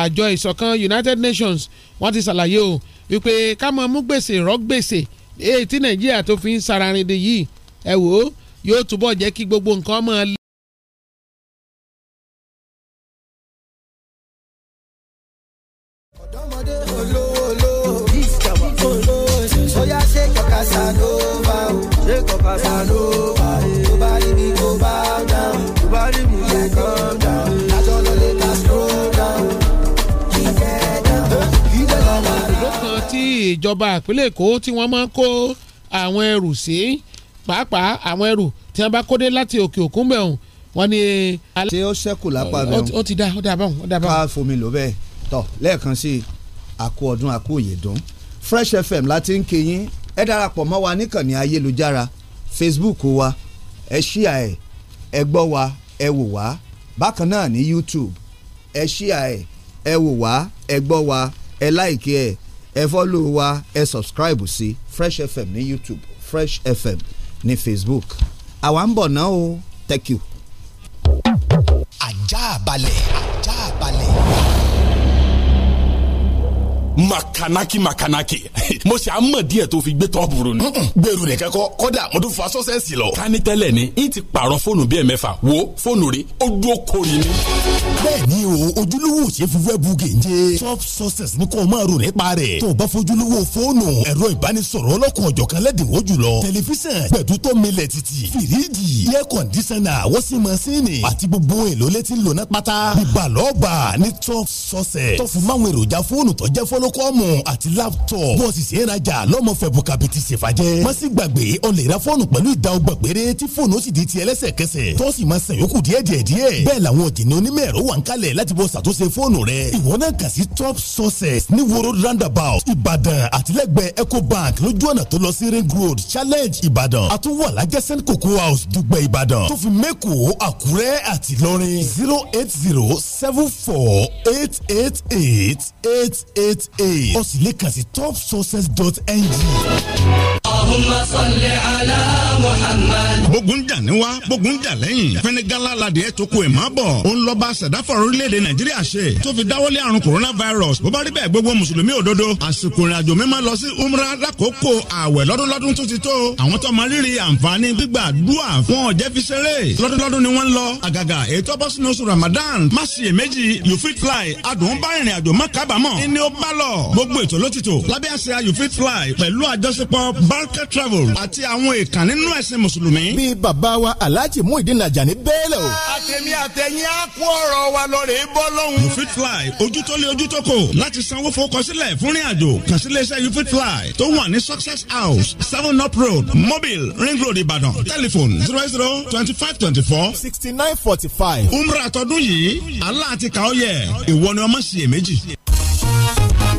àjọ ìṣọ̀kan United Nations wọ́n ti ṣàlàyé o wípé ká máa mú gbèsè rọ́ gbèsè èyí tí nàìjíríà tó fi ń sararin di yìí ẹ wò ó yóò túbọ̀ jẹ́ kí gbogbo nǹkan máa sanova o oh. shake up and sanova oh. tó bá rí mi kó bow down tó bá rí mi kó calm down lájọ lọ lè ká slow down jíjẹ down jíjẹ lọ́wọ́. ìlókan tí ìjọba ìpínlẹ̀ èkó tí wọ́n máa ń kó àwọn ẹrù sí pàápàá àwọn ẹrù tí wọ́n bá kó dé láti òkè òkun bẹ̀rù wọ́n ní. ṣé ó ṣẹ́kù lápá bẹ́ẹ̀ ó ti da ó da báwọn ó da báwọn. ká fomi lò bẹ́ẹ̀ tọ̀ lẹ́ẹ̀kan sí i àkó ọdún àkó òye dùn Fresh FM láti ń kí ẹ darapọ̀ mọ́ wa níkànnì ayélujára Facebook wa ẹ ṣíà ẹ ẹ gbọ́ wa ẹ wò wá bákan náà ní YouTube ẹ ṣíà ẹ ẹ wò wá ẹ gbọ́ wa ẹ láìkí ẹ ẹ fọ́lù wa ẹ sọ̀scribe sí Fresh FM ní YouTube Fresh FM ní Facebook àwa ń bọ̀ náà o thank you. ajá balẹ̀ ajá balẹ̀ makanaki makanaki *laughs* mo ṣe àmọ̀ díẹ̀ tó fi gbé tọ́pù rò ni. gbèrú nìkan kọ kọ́dà mo tún fa sọ́sẹ̀sì lọ. kání tẹ́lẹ̀ ni n ti pààrọ̀ fóònù bíi ẹ̀mẹ́fà wo fóònù rí ó dúró kori ni. bẹ́ẹ̀ni o ojúlówó ṣe fúnfẹ bu gèje top success ní kò máa rò nípa rẹ̀ tó o bá fojúlówó fóònù ẹ̀rọ ìbánisọ̀rọ̀ ọlọ́kùn ọ̀jọ̀kan lẹ́dínwó jùlọ tẹlifíṣàn gbẹdutọ milẹ titi firiji iye kọndisana wọ́sí masini àti gbogbo èlò létí lónà pátá ìbàlọ́ọ̀bà ní top success tó fi máwọn èròjà fóònù tó jẹ́ fọ́lọ́ kọ́lọ́kọ́mù àti laptop bọ́ọ̀sì sì ń rajà lọ́mọ fẹ̀bù kàbìtì ṣèfàjẹ́ má sì gbàgbé ọ lè ra fóònù pẹ̀lú ìdá ọgbọ̀n péré tí fóònù ó sì di tiẹ̀ lẹ́sẹ̀kẹsẹ̀ tó sì máa san yòókù díẹ̀ díẹ̀ díẹ̀ bẹ́ẹ̀ làwọn òjìní onímọ̀ ẹ̀rọ wà ń kalẹ̀ láti bọ́ ṣàtúnṣe fóònù rẹ ìwọ náà kà sí top sources ní woro roundabout ìbàdàn àtìlẹ́gbẹ̀ẹ́ ecobank lójú ọ̀nà tó lọ sí ring road challenge ìbàdàn àtúwọ̀ alájẹsẹ́ni cocoa house dùgbẹ̀ ìbàdàn tó fi mẹ́kọ̀ àkúrẹ́ àti lọ́rin zero eight zero seven four eight eight eight eight eight ó sì lè kàn sí topsources.ng Allahumma salli wa bógun lẹ́yìn fẹnigala ladì ẹ̀ tó kú ẹ̀ máa bọ̀ ó sẹ̀dáfọ̀ orílẹ̀-èdè nàìjíríà ṣe tó fi dáwọ́lé àrùn coronavirus bó bá rí bẹ́ẹ̀ gbogbo mùsùlùmí òdodo àsìkò ìrìnàjò mímọ́ lọ sí umrah lákòókò ààwẹ̀ lọ́dúnlọ́dún tó ti tó àwọn tó máa rírì àǹfààní gbígbà fún ọ̀jẹ́ fi ṣeré lọ́dúnlọ́dún ni wọ́n ń lọ àgàgà ètò Mecca travel àti àwọn ìkànnì nínú ẹ̀sìn mùsùlùmí. bí bàbá wa alhaji muhyiddin ajani bẹ́ẹ̀lẹ̀ o. àtẹ̀mí àtẹ̀yìn á kó ọ̀rọ̀ wa lọ́rẹ̀ bọ́ lọ́hùn. you fit fly ojú tó lé ojú tó kò láti sanwó fowókọsílẹ̀ fún rìn àjò kàn sí iléeṣẹ́ you fit fly tó wà ní success house seven up road mobile ring road ìbàdàn telephone zero zero twenty five twenty four sixty nine forty five. umrah tọdún yìí aláàtì kàó yẹ ìwọ ni ọmọ sí èméjì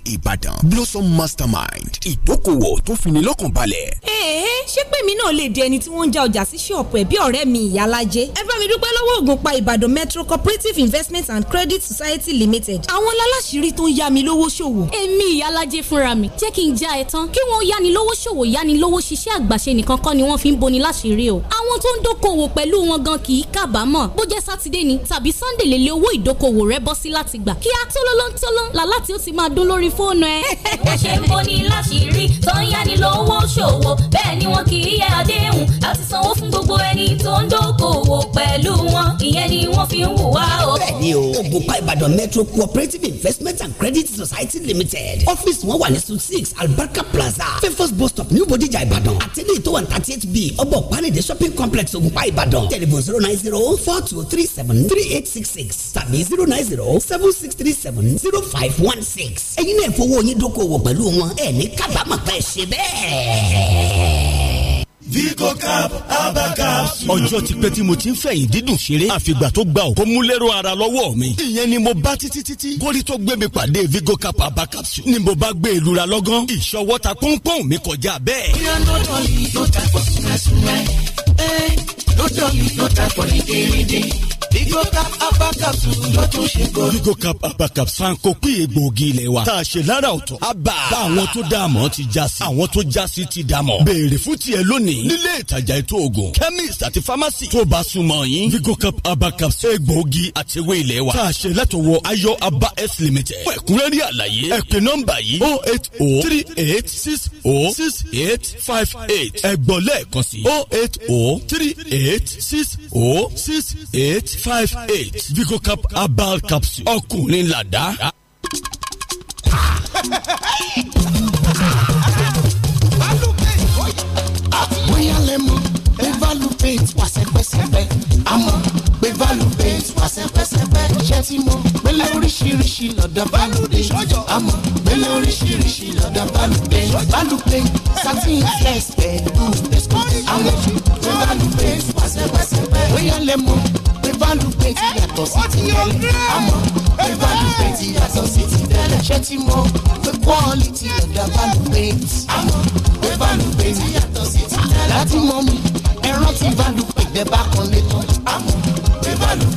challenge ìbàdàn blossom mastermind ìdókòwò tó fini lọ́kàn balẹ̀. ẹ̀ẹ́ ṣé pé mi náà lè di ẹni tí wọ́n ń ja ọjà sí ṣọ́ọ̀pù ẹ̀ bí ọ̀rẹ́ mi ìyálájẹ́ ẹ bá mi dúpẹ́ lọ́wọ́ ògùn pa ìbàdàn metro cooperative investment and credit society limited àwọn aláṣìírí tó ń yá mi lówó ṣòwò. èmi ìyálájẹ́ fúnra mi jẹ́ kí n já ẹ tán kí wọ́n yáni lówó ṣòwò yáni lówó ṣiṣẹ́ àgbàṣe nìkan kọ́ ni wọ́n fi ń boni láṣìírí o àwọn tó ń dókòwò pẹ̀lú wọn gan kì í kábàámọ̀ bó jẹ́ sátidé ni tàbí sunday lè lé owó ìdókòwò rẹ bọ́ sí láti gbà kíá tólóló ń tóló là láti ó ti máa dún lórí fóònù ẹ. wọ́n ṣe ń boni láṣìírí tó ń yáni ṣòwò bẹ́ẹ̀ ni wọn kì í yẹ àdéhùn àti sanwó fún gbogbo ẹni tó ń dókòwò pẹ̀lú wọn ìyẹn ni wọ́n fi ń hùwà o. bẹ́ẹ̀ni o ògùnpa ìbàdàn metro cooperative investment and credit society limited Office wọn wà ní suite six albarka plaza fefos bus stop new bodija ìbàdàn àtẹlẹ tó wà ní thirty eight b ọbọ panade shopping complex ògùnpa ìbàdàn telephone zero nine zero four two three seven three eight six six tàbí zero nine zero seven six three seven zero five one six. ẹ̀yin lè fowó yín dókòwò pẹ̀lú wọn ẹ̀ ní kábàámọ̀ pẹ̀ ṣe bẹ́ẹ̀. Vicocap Abacaps. ọjọ́ ti pẹ́ tí mo ti ń fẹ̀yìn dídùn ṣeré àfìgbà tó gbà ó kó mú lérò ara lọ́wọ́ mi. ìyẹn ni mo bá títí títí kórí tó gbé mi pàdé Vicocap Abacaps ni mo bá gbé ìlú lọ́gán ìṣọwọ́ ta pọ́npọ́n mi kọjá bẹ́ẹ̀. ìyá náà lọ yóò ta fọ́ síra síra lọ́dọ̀ mi ló ta pọ̀ kéréje. Bigo cap apá capsule ló ṣe kọ́. Bigo cap apá capsule sanko pín egbòogi ilẹ̀ wa. Tá a ṣe lára ọ̀tọ̀. Abà báwọn tó dá àmọ́ ti já sí. Àwọn tó já sí ti dá mọ̀. Béèrè fún tiẹ̀ lónìí. Nílé ìtajà ètò oògùn. Chemist àti pharmacy. Tó bá súnmọ́ yín. Bigo cap apá capsule egbòogi àtiwé ilẹ̀ wa. Tá a ṣe látọwọ́ Ayọ̀ Abba S limited. Fún ẹ̀kúnrẹ́rẹ́ àlàyé. Ẹ nọ́mbà yìí. O eight o three eight six o six eight five eight. Ẹ̀gbọ́n lẹ́ẹ̀kan O eight o three eight eight six o oh six eight five eight vicocap herbal capsule ọkùnrin làdá. bóyá lẹ́mu evalupate wàṣẹ́pẹ́sẹ́pẹ́ àmọ́ sẹ́pẹ́sẹ́pẹ́ iṣẹ́ tí mo gbélé oríṣiríṣi lọ́dọ̀ balùdé àmọ́ gbélé oríṣiríṣi lọ́dọ̀ balùdé balùdé satin flex pẹ̀lú àwọn ìṣòro balùdé sẹ́pẹ́sẹ́pẹ́ bóyá lẹ mọ̀ pé balùdé ti yàtọ̀ sí ti tẹ́lẹ̀ àmọ́ pé balùdé ti yàtọ̀ sí ti tẹ́lẹ̀ iṣẹ́ tí mo pé quality lọ́dọ̀ balùdé àmọ́ pé balùdé ti yàtọ̀ sí ti tẹ́lẹ̀ láti mọ̀ mi ẹran ti balùdé bẹ́ẹ̀ bá kan lé tán àmọ́ pé zero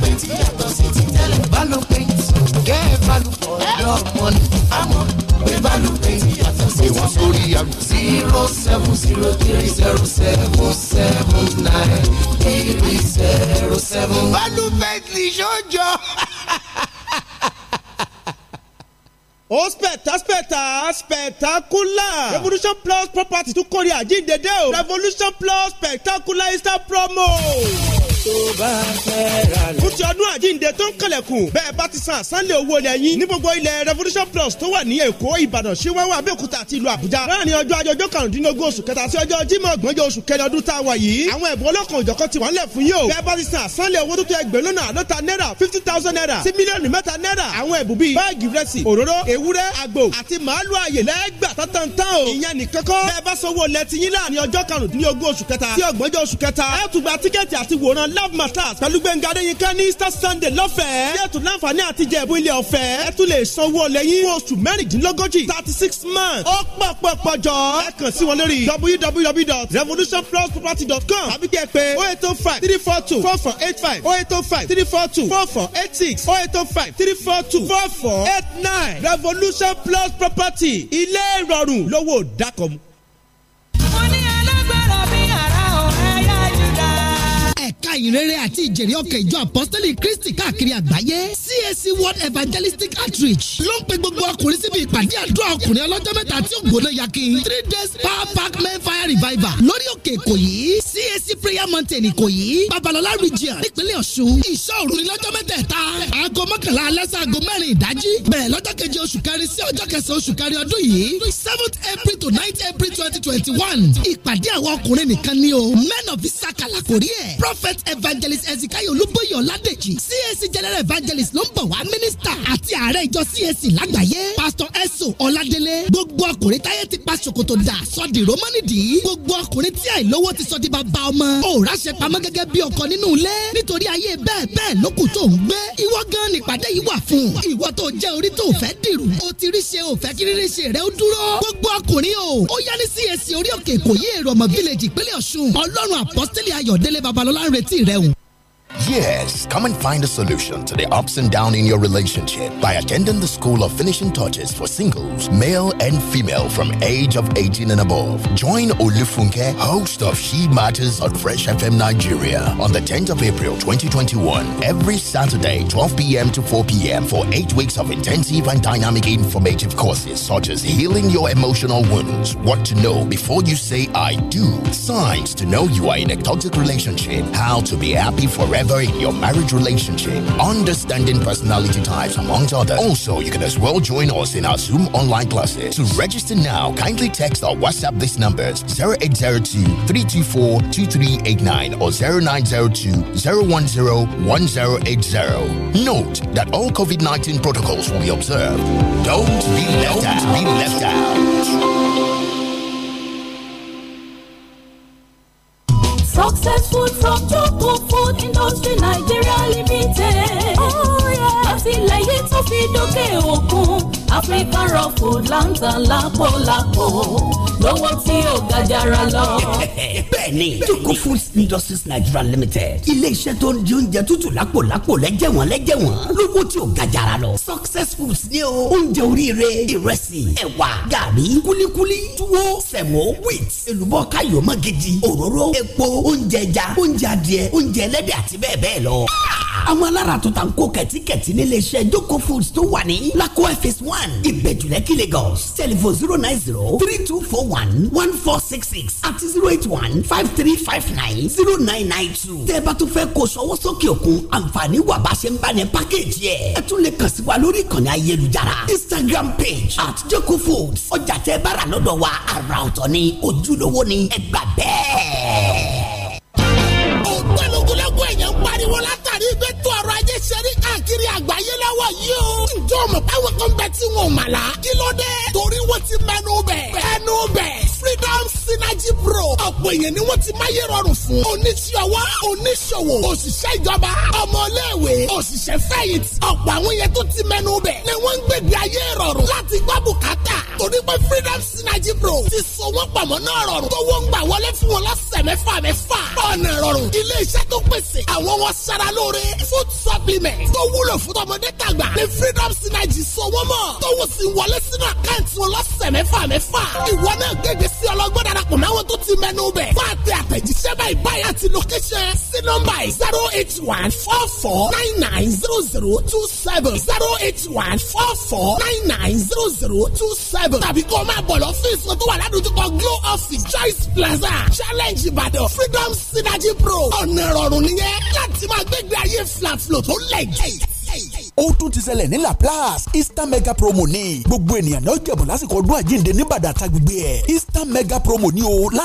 seven zero three zero seven seven nine three zero seven. balùwẹ̀ tí sọ́jọ́. ó spẹ̀tà spẹ̀tà spectacular revolution plus property tún kórè àjíǹde dé o revolution plus spectacular easter promo tó bá fẹ́ ra lẹ̀. fúti ọdún àjíǹde tó ń kẹlẹ̀kùn bẹ́ẹ̀ bá ti san àsánlé owó ilẹ̀ yín ní gbogbo ilẹ̀ revolution plus tó wà ní èkó ìbàdàn ṣíwáwá abẹ́òkúta àti ìlú àbújá láàrin ọjọ́ ajọjọ́ karùndínlógún oṣù kẹta sí ọjọ́ jímọ̀ ọgbọ̀njọ́ oṣù kẹrin ọdún tá a wà yìí àwọn ẹ̀bùn ọlọ́kan òjọ̀kan ti wà ńlẹ̀ fún yóò bẹ́ẹ̀ bá ti san àsánlé owó tó tó ẹgbẹ̀rún lọ́nà àádọ́ta náírà fifty thousand naira sí mílíọ̀nù mẹ́ta náírà àwọn ẹ̀bùn bíi báàgì rẹsì òróró ewúrẹ́ àgbò àti màálù àyè lẹ́gbà tán tán o ìyẹn nìkan kọ́ bẹ́ẹ̀ bá sanwó lẹ́tí yín láàrin ọjọ́ karùndínlógún oṣù kẹta sí ọgbọ̀njọ́ oṣù kẹta ẹ̀ tún love matters pẹ̀lú gbẹ̀ngà adéyínká ní easter sunday lọ́fẹ̀ẹ́. yẹ́tù láǹfààní àti jẹ̀bú ilé ọ̀fẹ́. ẹ tún lè sanwó lẹ́yìn fún oṣù mẹ́rìndínlógójì thirty six months. ó pọ̀ pọ̀ pọ̀ jọ. ẹ kàn sí wọn lórí www.revolutionplusproperty.com àbí kí ẹ pé oh eight oh five three four two four four eight five oh eight oh five three four two four four eight six oh eight oh five three four two four four eight nine revolution plus property ilé ìrọ̀rùn lówó dákọ̀mù iṣẹ́ àyìnrere àti ìjèrè ọkọ̀ ìjọ apọ́sítẹ́lì kristi káàkiri àgbáyé CAC world evangelistic outreach ló ń pe gbogbo ọkùnrin síbi ìpàdé àdúrà ọkùnrin ọlọ́jọ́ mẹ́ta tí ó gbóná yaki three days power pack men fire revival lórí òkè ìkòyí CAC prayer mountain ìkòyí babalọla region nípínlẹ̀ ọ̀ṣun ìṣọ́ òru ni lọ́jọ́ mẹ́tẹ̀ẹ̀ta aago mọ́kànlá alẹ́ sí aago mẹ́rin ìdájí bẹ̀rẹ̀ lọ́jọ́ keje oṣù kẹrin sí ọjọ́ kẹsàn-án oṣù kẹrin ọdún yìí seventh april to ninth april twenty twenty one ìpàdé àwọn ọkùnrin nìkan ni o men of isakala kò rí ẹ̀ prophet evangelist ezekiel olúbóyè ọ̀ládèjì cac general evangelist ló ń bọ̀ wá minister àti ààrẹ ìjọ cac lágbàáyé pastor eso ọládélé gbogbo ọkùnrin táyé ti pa ṣòkòtò dà sọ́dì rómánì dì í gbogbo ọkùnrin tí àìlówó ti sọ di bàbá ọmọ òòrà ṣe pamọ́ gẹ́gẹ́ bí ọkọ nínú ilé nítorí ayé bẹ́ẹ̀ bẹ́ẹ̀ lókùn tó ń gbé ìwọ gan nípàdé yìí wà fún ìwọ tó jẹ́ orí tó fẹ́ dìrù o ti rí ṣe òfẹ́ kírírí ṣe rẹ̀ ó dúró gbogbo ọkùnrin o ó yá ní cac orí òkè kò yí èrò ọmọ village ìpínlẹ̀ ọ̀ṣun ọlọ́run àpọ́sítẹ́lì ayọ̀délé babalọ́lá ń ret retí rẹ o. Yes, come and find a solution to the ups and downs in your relationship by attending the School of Finishing Touches for singles, male and female from age of 18 and above. Join Olufunke, host of She Matters on Fresh FM Nigeria on the 10th of April 2021 every Saturday 12 p.m. to 4 p.m. for 8 weeks of intensive and dynamic informative courses such as healing your emotional wounds, what to know before you say I do, signs to know you are in a toxic relationship, how to be happy forever whatever your marriage relationship, understanding personality types, amongst others. Also, you can as well join us in our Zoom online classes. To register now, kindly text or WhatsApp these numbers 0802 324 2389 or 0902 010 1080. Note that all COVID 19 protocols will be observed. Don't be left out. Be left out. Ok. African raw food lantan lápò lápò lówó tí ò ga jara lọ. *laughs* bẹ́ẹ̀ni joko foods industries nigeria limited iléeṣẹ́ tó ń di oúnjẹ tútù lápòlápò lẹ́jẹ̀wọ̀n lẹ́jẹ̀wọ̀n lówó tí ò ga jara lọ. success foods ní o oúnjẹ oríire ìrẹsì ẹ̀wà gàrí kúlíkúlí túwó sẹ̀mọ́ wheat èlùbọ́ káyọ̀ mọ́gidi òróró epo oúnjẹ ẹja oúnjẹ adìẹ oúnjẹ ẹlẹ́dẹ̀ àti bẹ́ẹ̀ bẹ́ẹ̀ lọ. àwọn alára tó ta ń kó kẹ̀tíkẹ̀tí níléeṣẹ́ joko foods tó wà ní lakowé phase one one ìgbẹ́jùlẹ́kì Lagos telephone zero nine zero three two four one one four six six àti zero eight one five three five nine zero nine nine two. tẹ́ ẹ bá tún fẹ́ kó sọ́wọ́ sókè òkun àǹfààní wà bá ṣe ń bá ní pákéjì ẹ̀. ẹ tún lè kàn sí wa lórí ìkànnì ayélujára Instagram page at Joko Foods ọjà tẹ́ bá rà lọ́dọ̀ wa àrà ọ̀tọ̀ ni ojúlówó ni ẹ bẹ́ẹ̀. ó gbẹ́lógún pariwo láti káàkiri àgbáyé lọ́wọ́ yìí o. ǹjọ́ mọ̀ báwo kan bẹ tí wọn ò mà la. kí ló dé? torí wọ́n ti mẹ́nu bẹ̀. mẹ́nu bẹ̀. freedom synergy pro. ọ̀pọ̀ èèyàn ni wọ́n ti máyé rọrùn fún. oníṣòwò oníṣòwò òṣìṣẹ́ ìjọba ọmọléèwé òṣìṣẹ́ fẹ̀yìntì. ọ̀pọ̀ àwọn yẹn tó ti mẹ́nu bẹ̀. ni wọ́n ń gbègbè ayé rọrùn láti gbọ́ bùkátà. torí pé freedom synergy pro ti so wọ́n pamọ́ náà rọrùn. tó wọ́n ń gbà wọlé fún wọn lọ́sẹ̀ mẹ́fà mẹ́fà. ọ̀nà rọrùn ilé iṣẹ́ tó pèsè àwọn w wúlò fún tọmọdé tàgbà ní freedom synergy sọ wọ́n mọ̀ tówó sì wọlé sínú àkáǹtì wọn lọ́sẹ̀ mẹ́fà mẹ́fà ìwọ náà gègé sí ọlọ́gbọ́n darapọ̀ máa wọn tó ti mẹ́nu bẹ̀ fún àtẹ àtẹ̀jíṣẹ́ báyìí báyìí àti location sí nọ́mbà yìí zero eight one four four nine nine zero zero two seven zero eight one four four nine nine zero zero two seven tàbí kó o máa bọ̀ lọ́fíìsì tó wà ládùúgbò Glow Office Joyce Plaza Challenge Ìbàdàn Freedom Synergy Pro ọ̀nà ìrọ̀rùn nìyẹn láti máa gbégbé ayé flaflo tó lẹ̀ jẹ́ ó tún ti ṣẹlẹ̀ ní laplace easter mega promo ní gbogbo ènìyàn náà jẹ̀bọ̀ lásìkò ọdún àjíǹde níbàdàn àtàgbègbè ẹ̀ easter mega promo ní o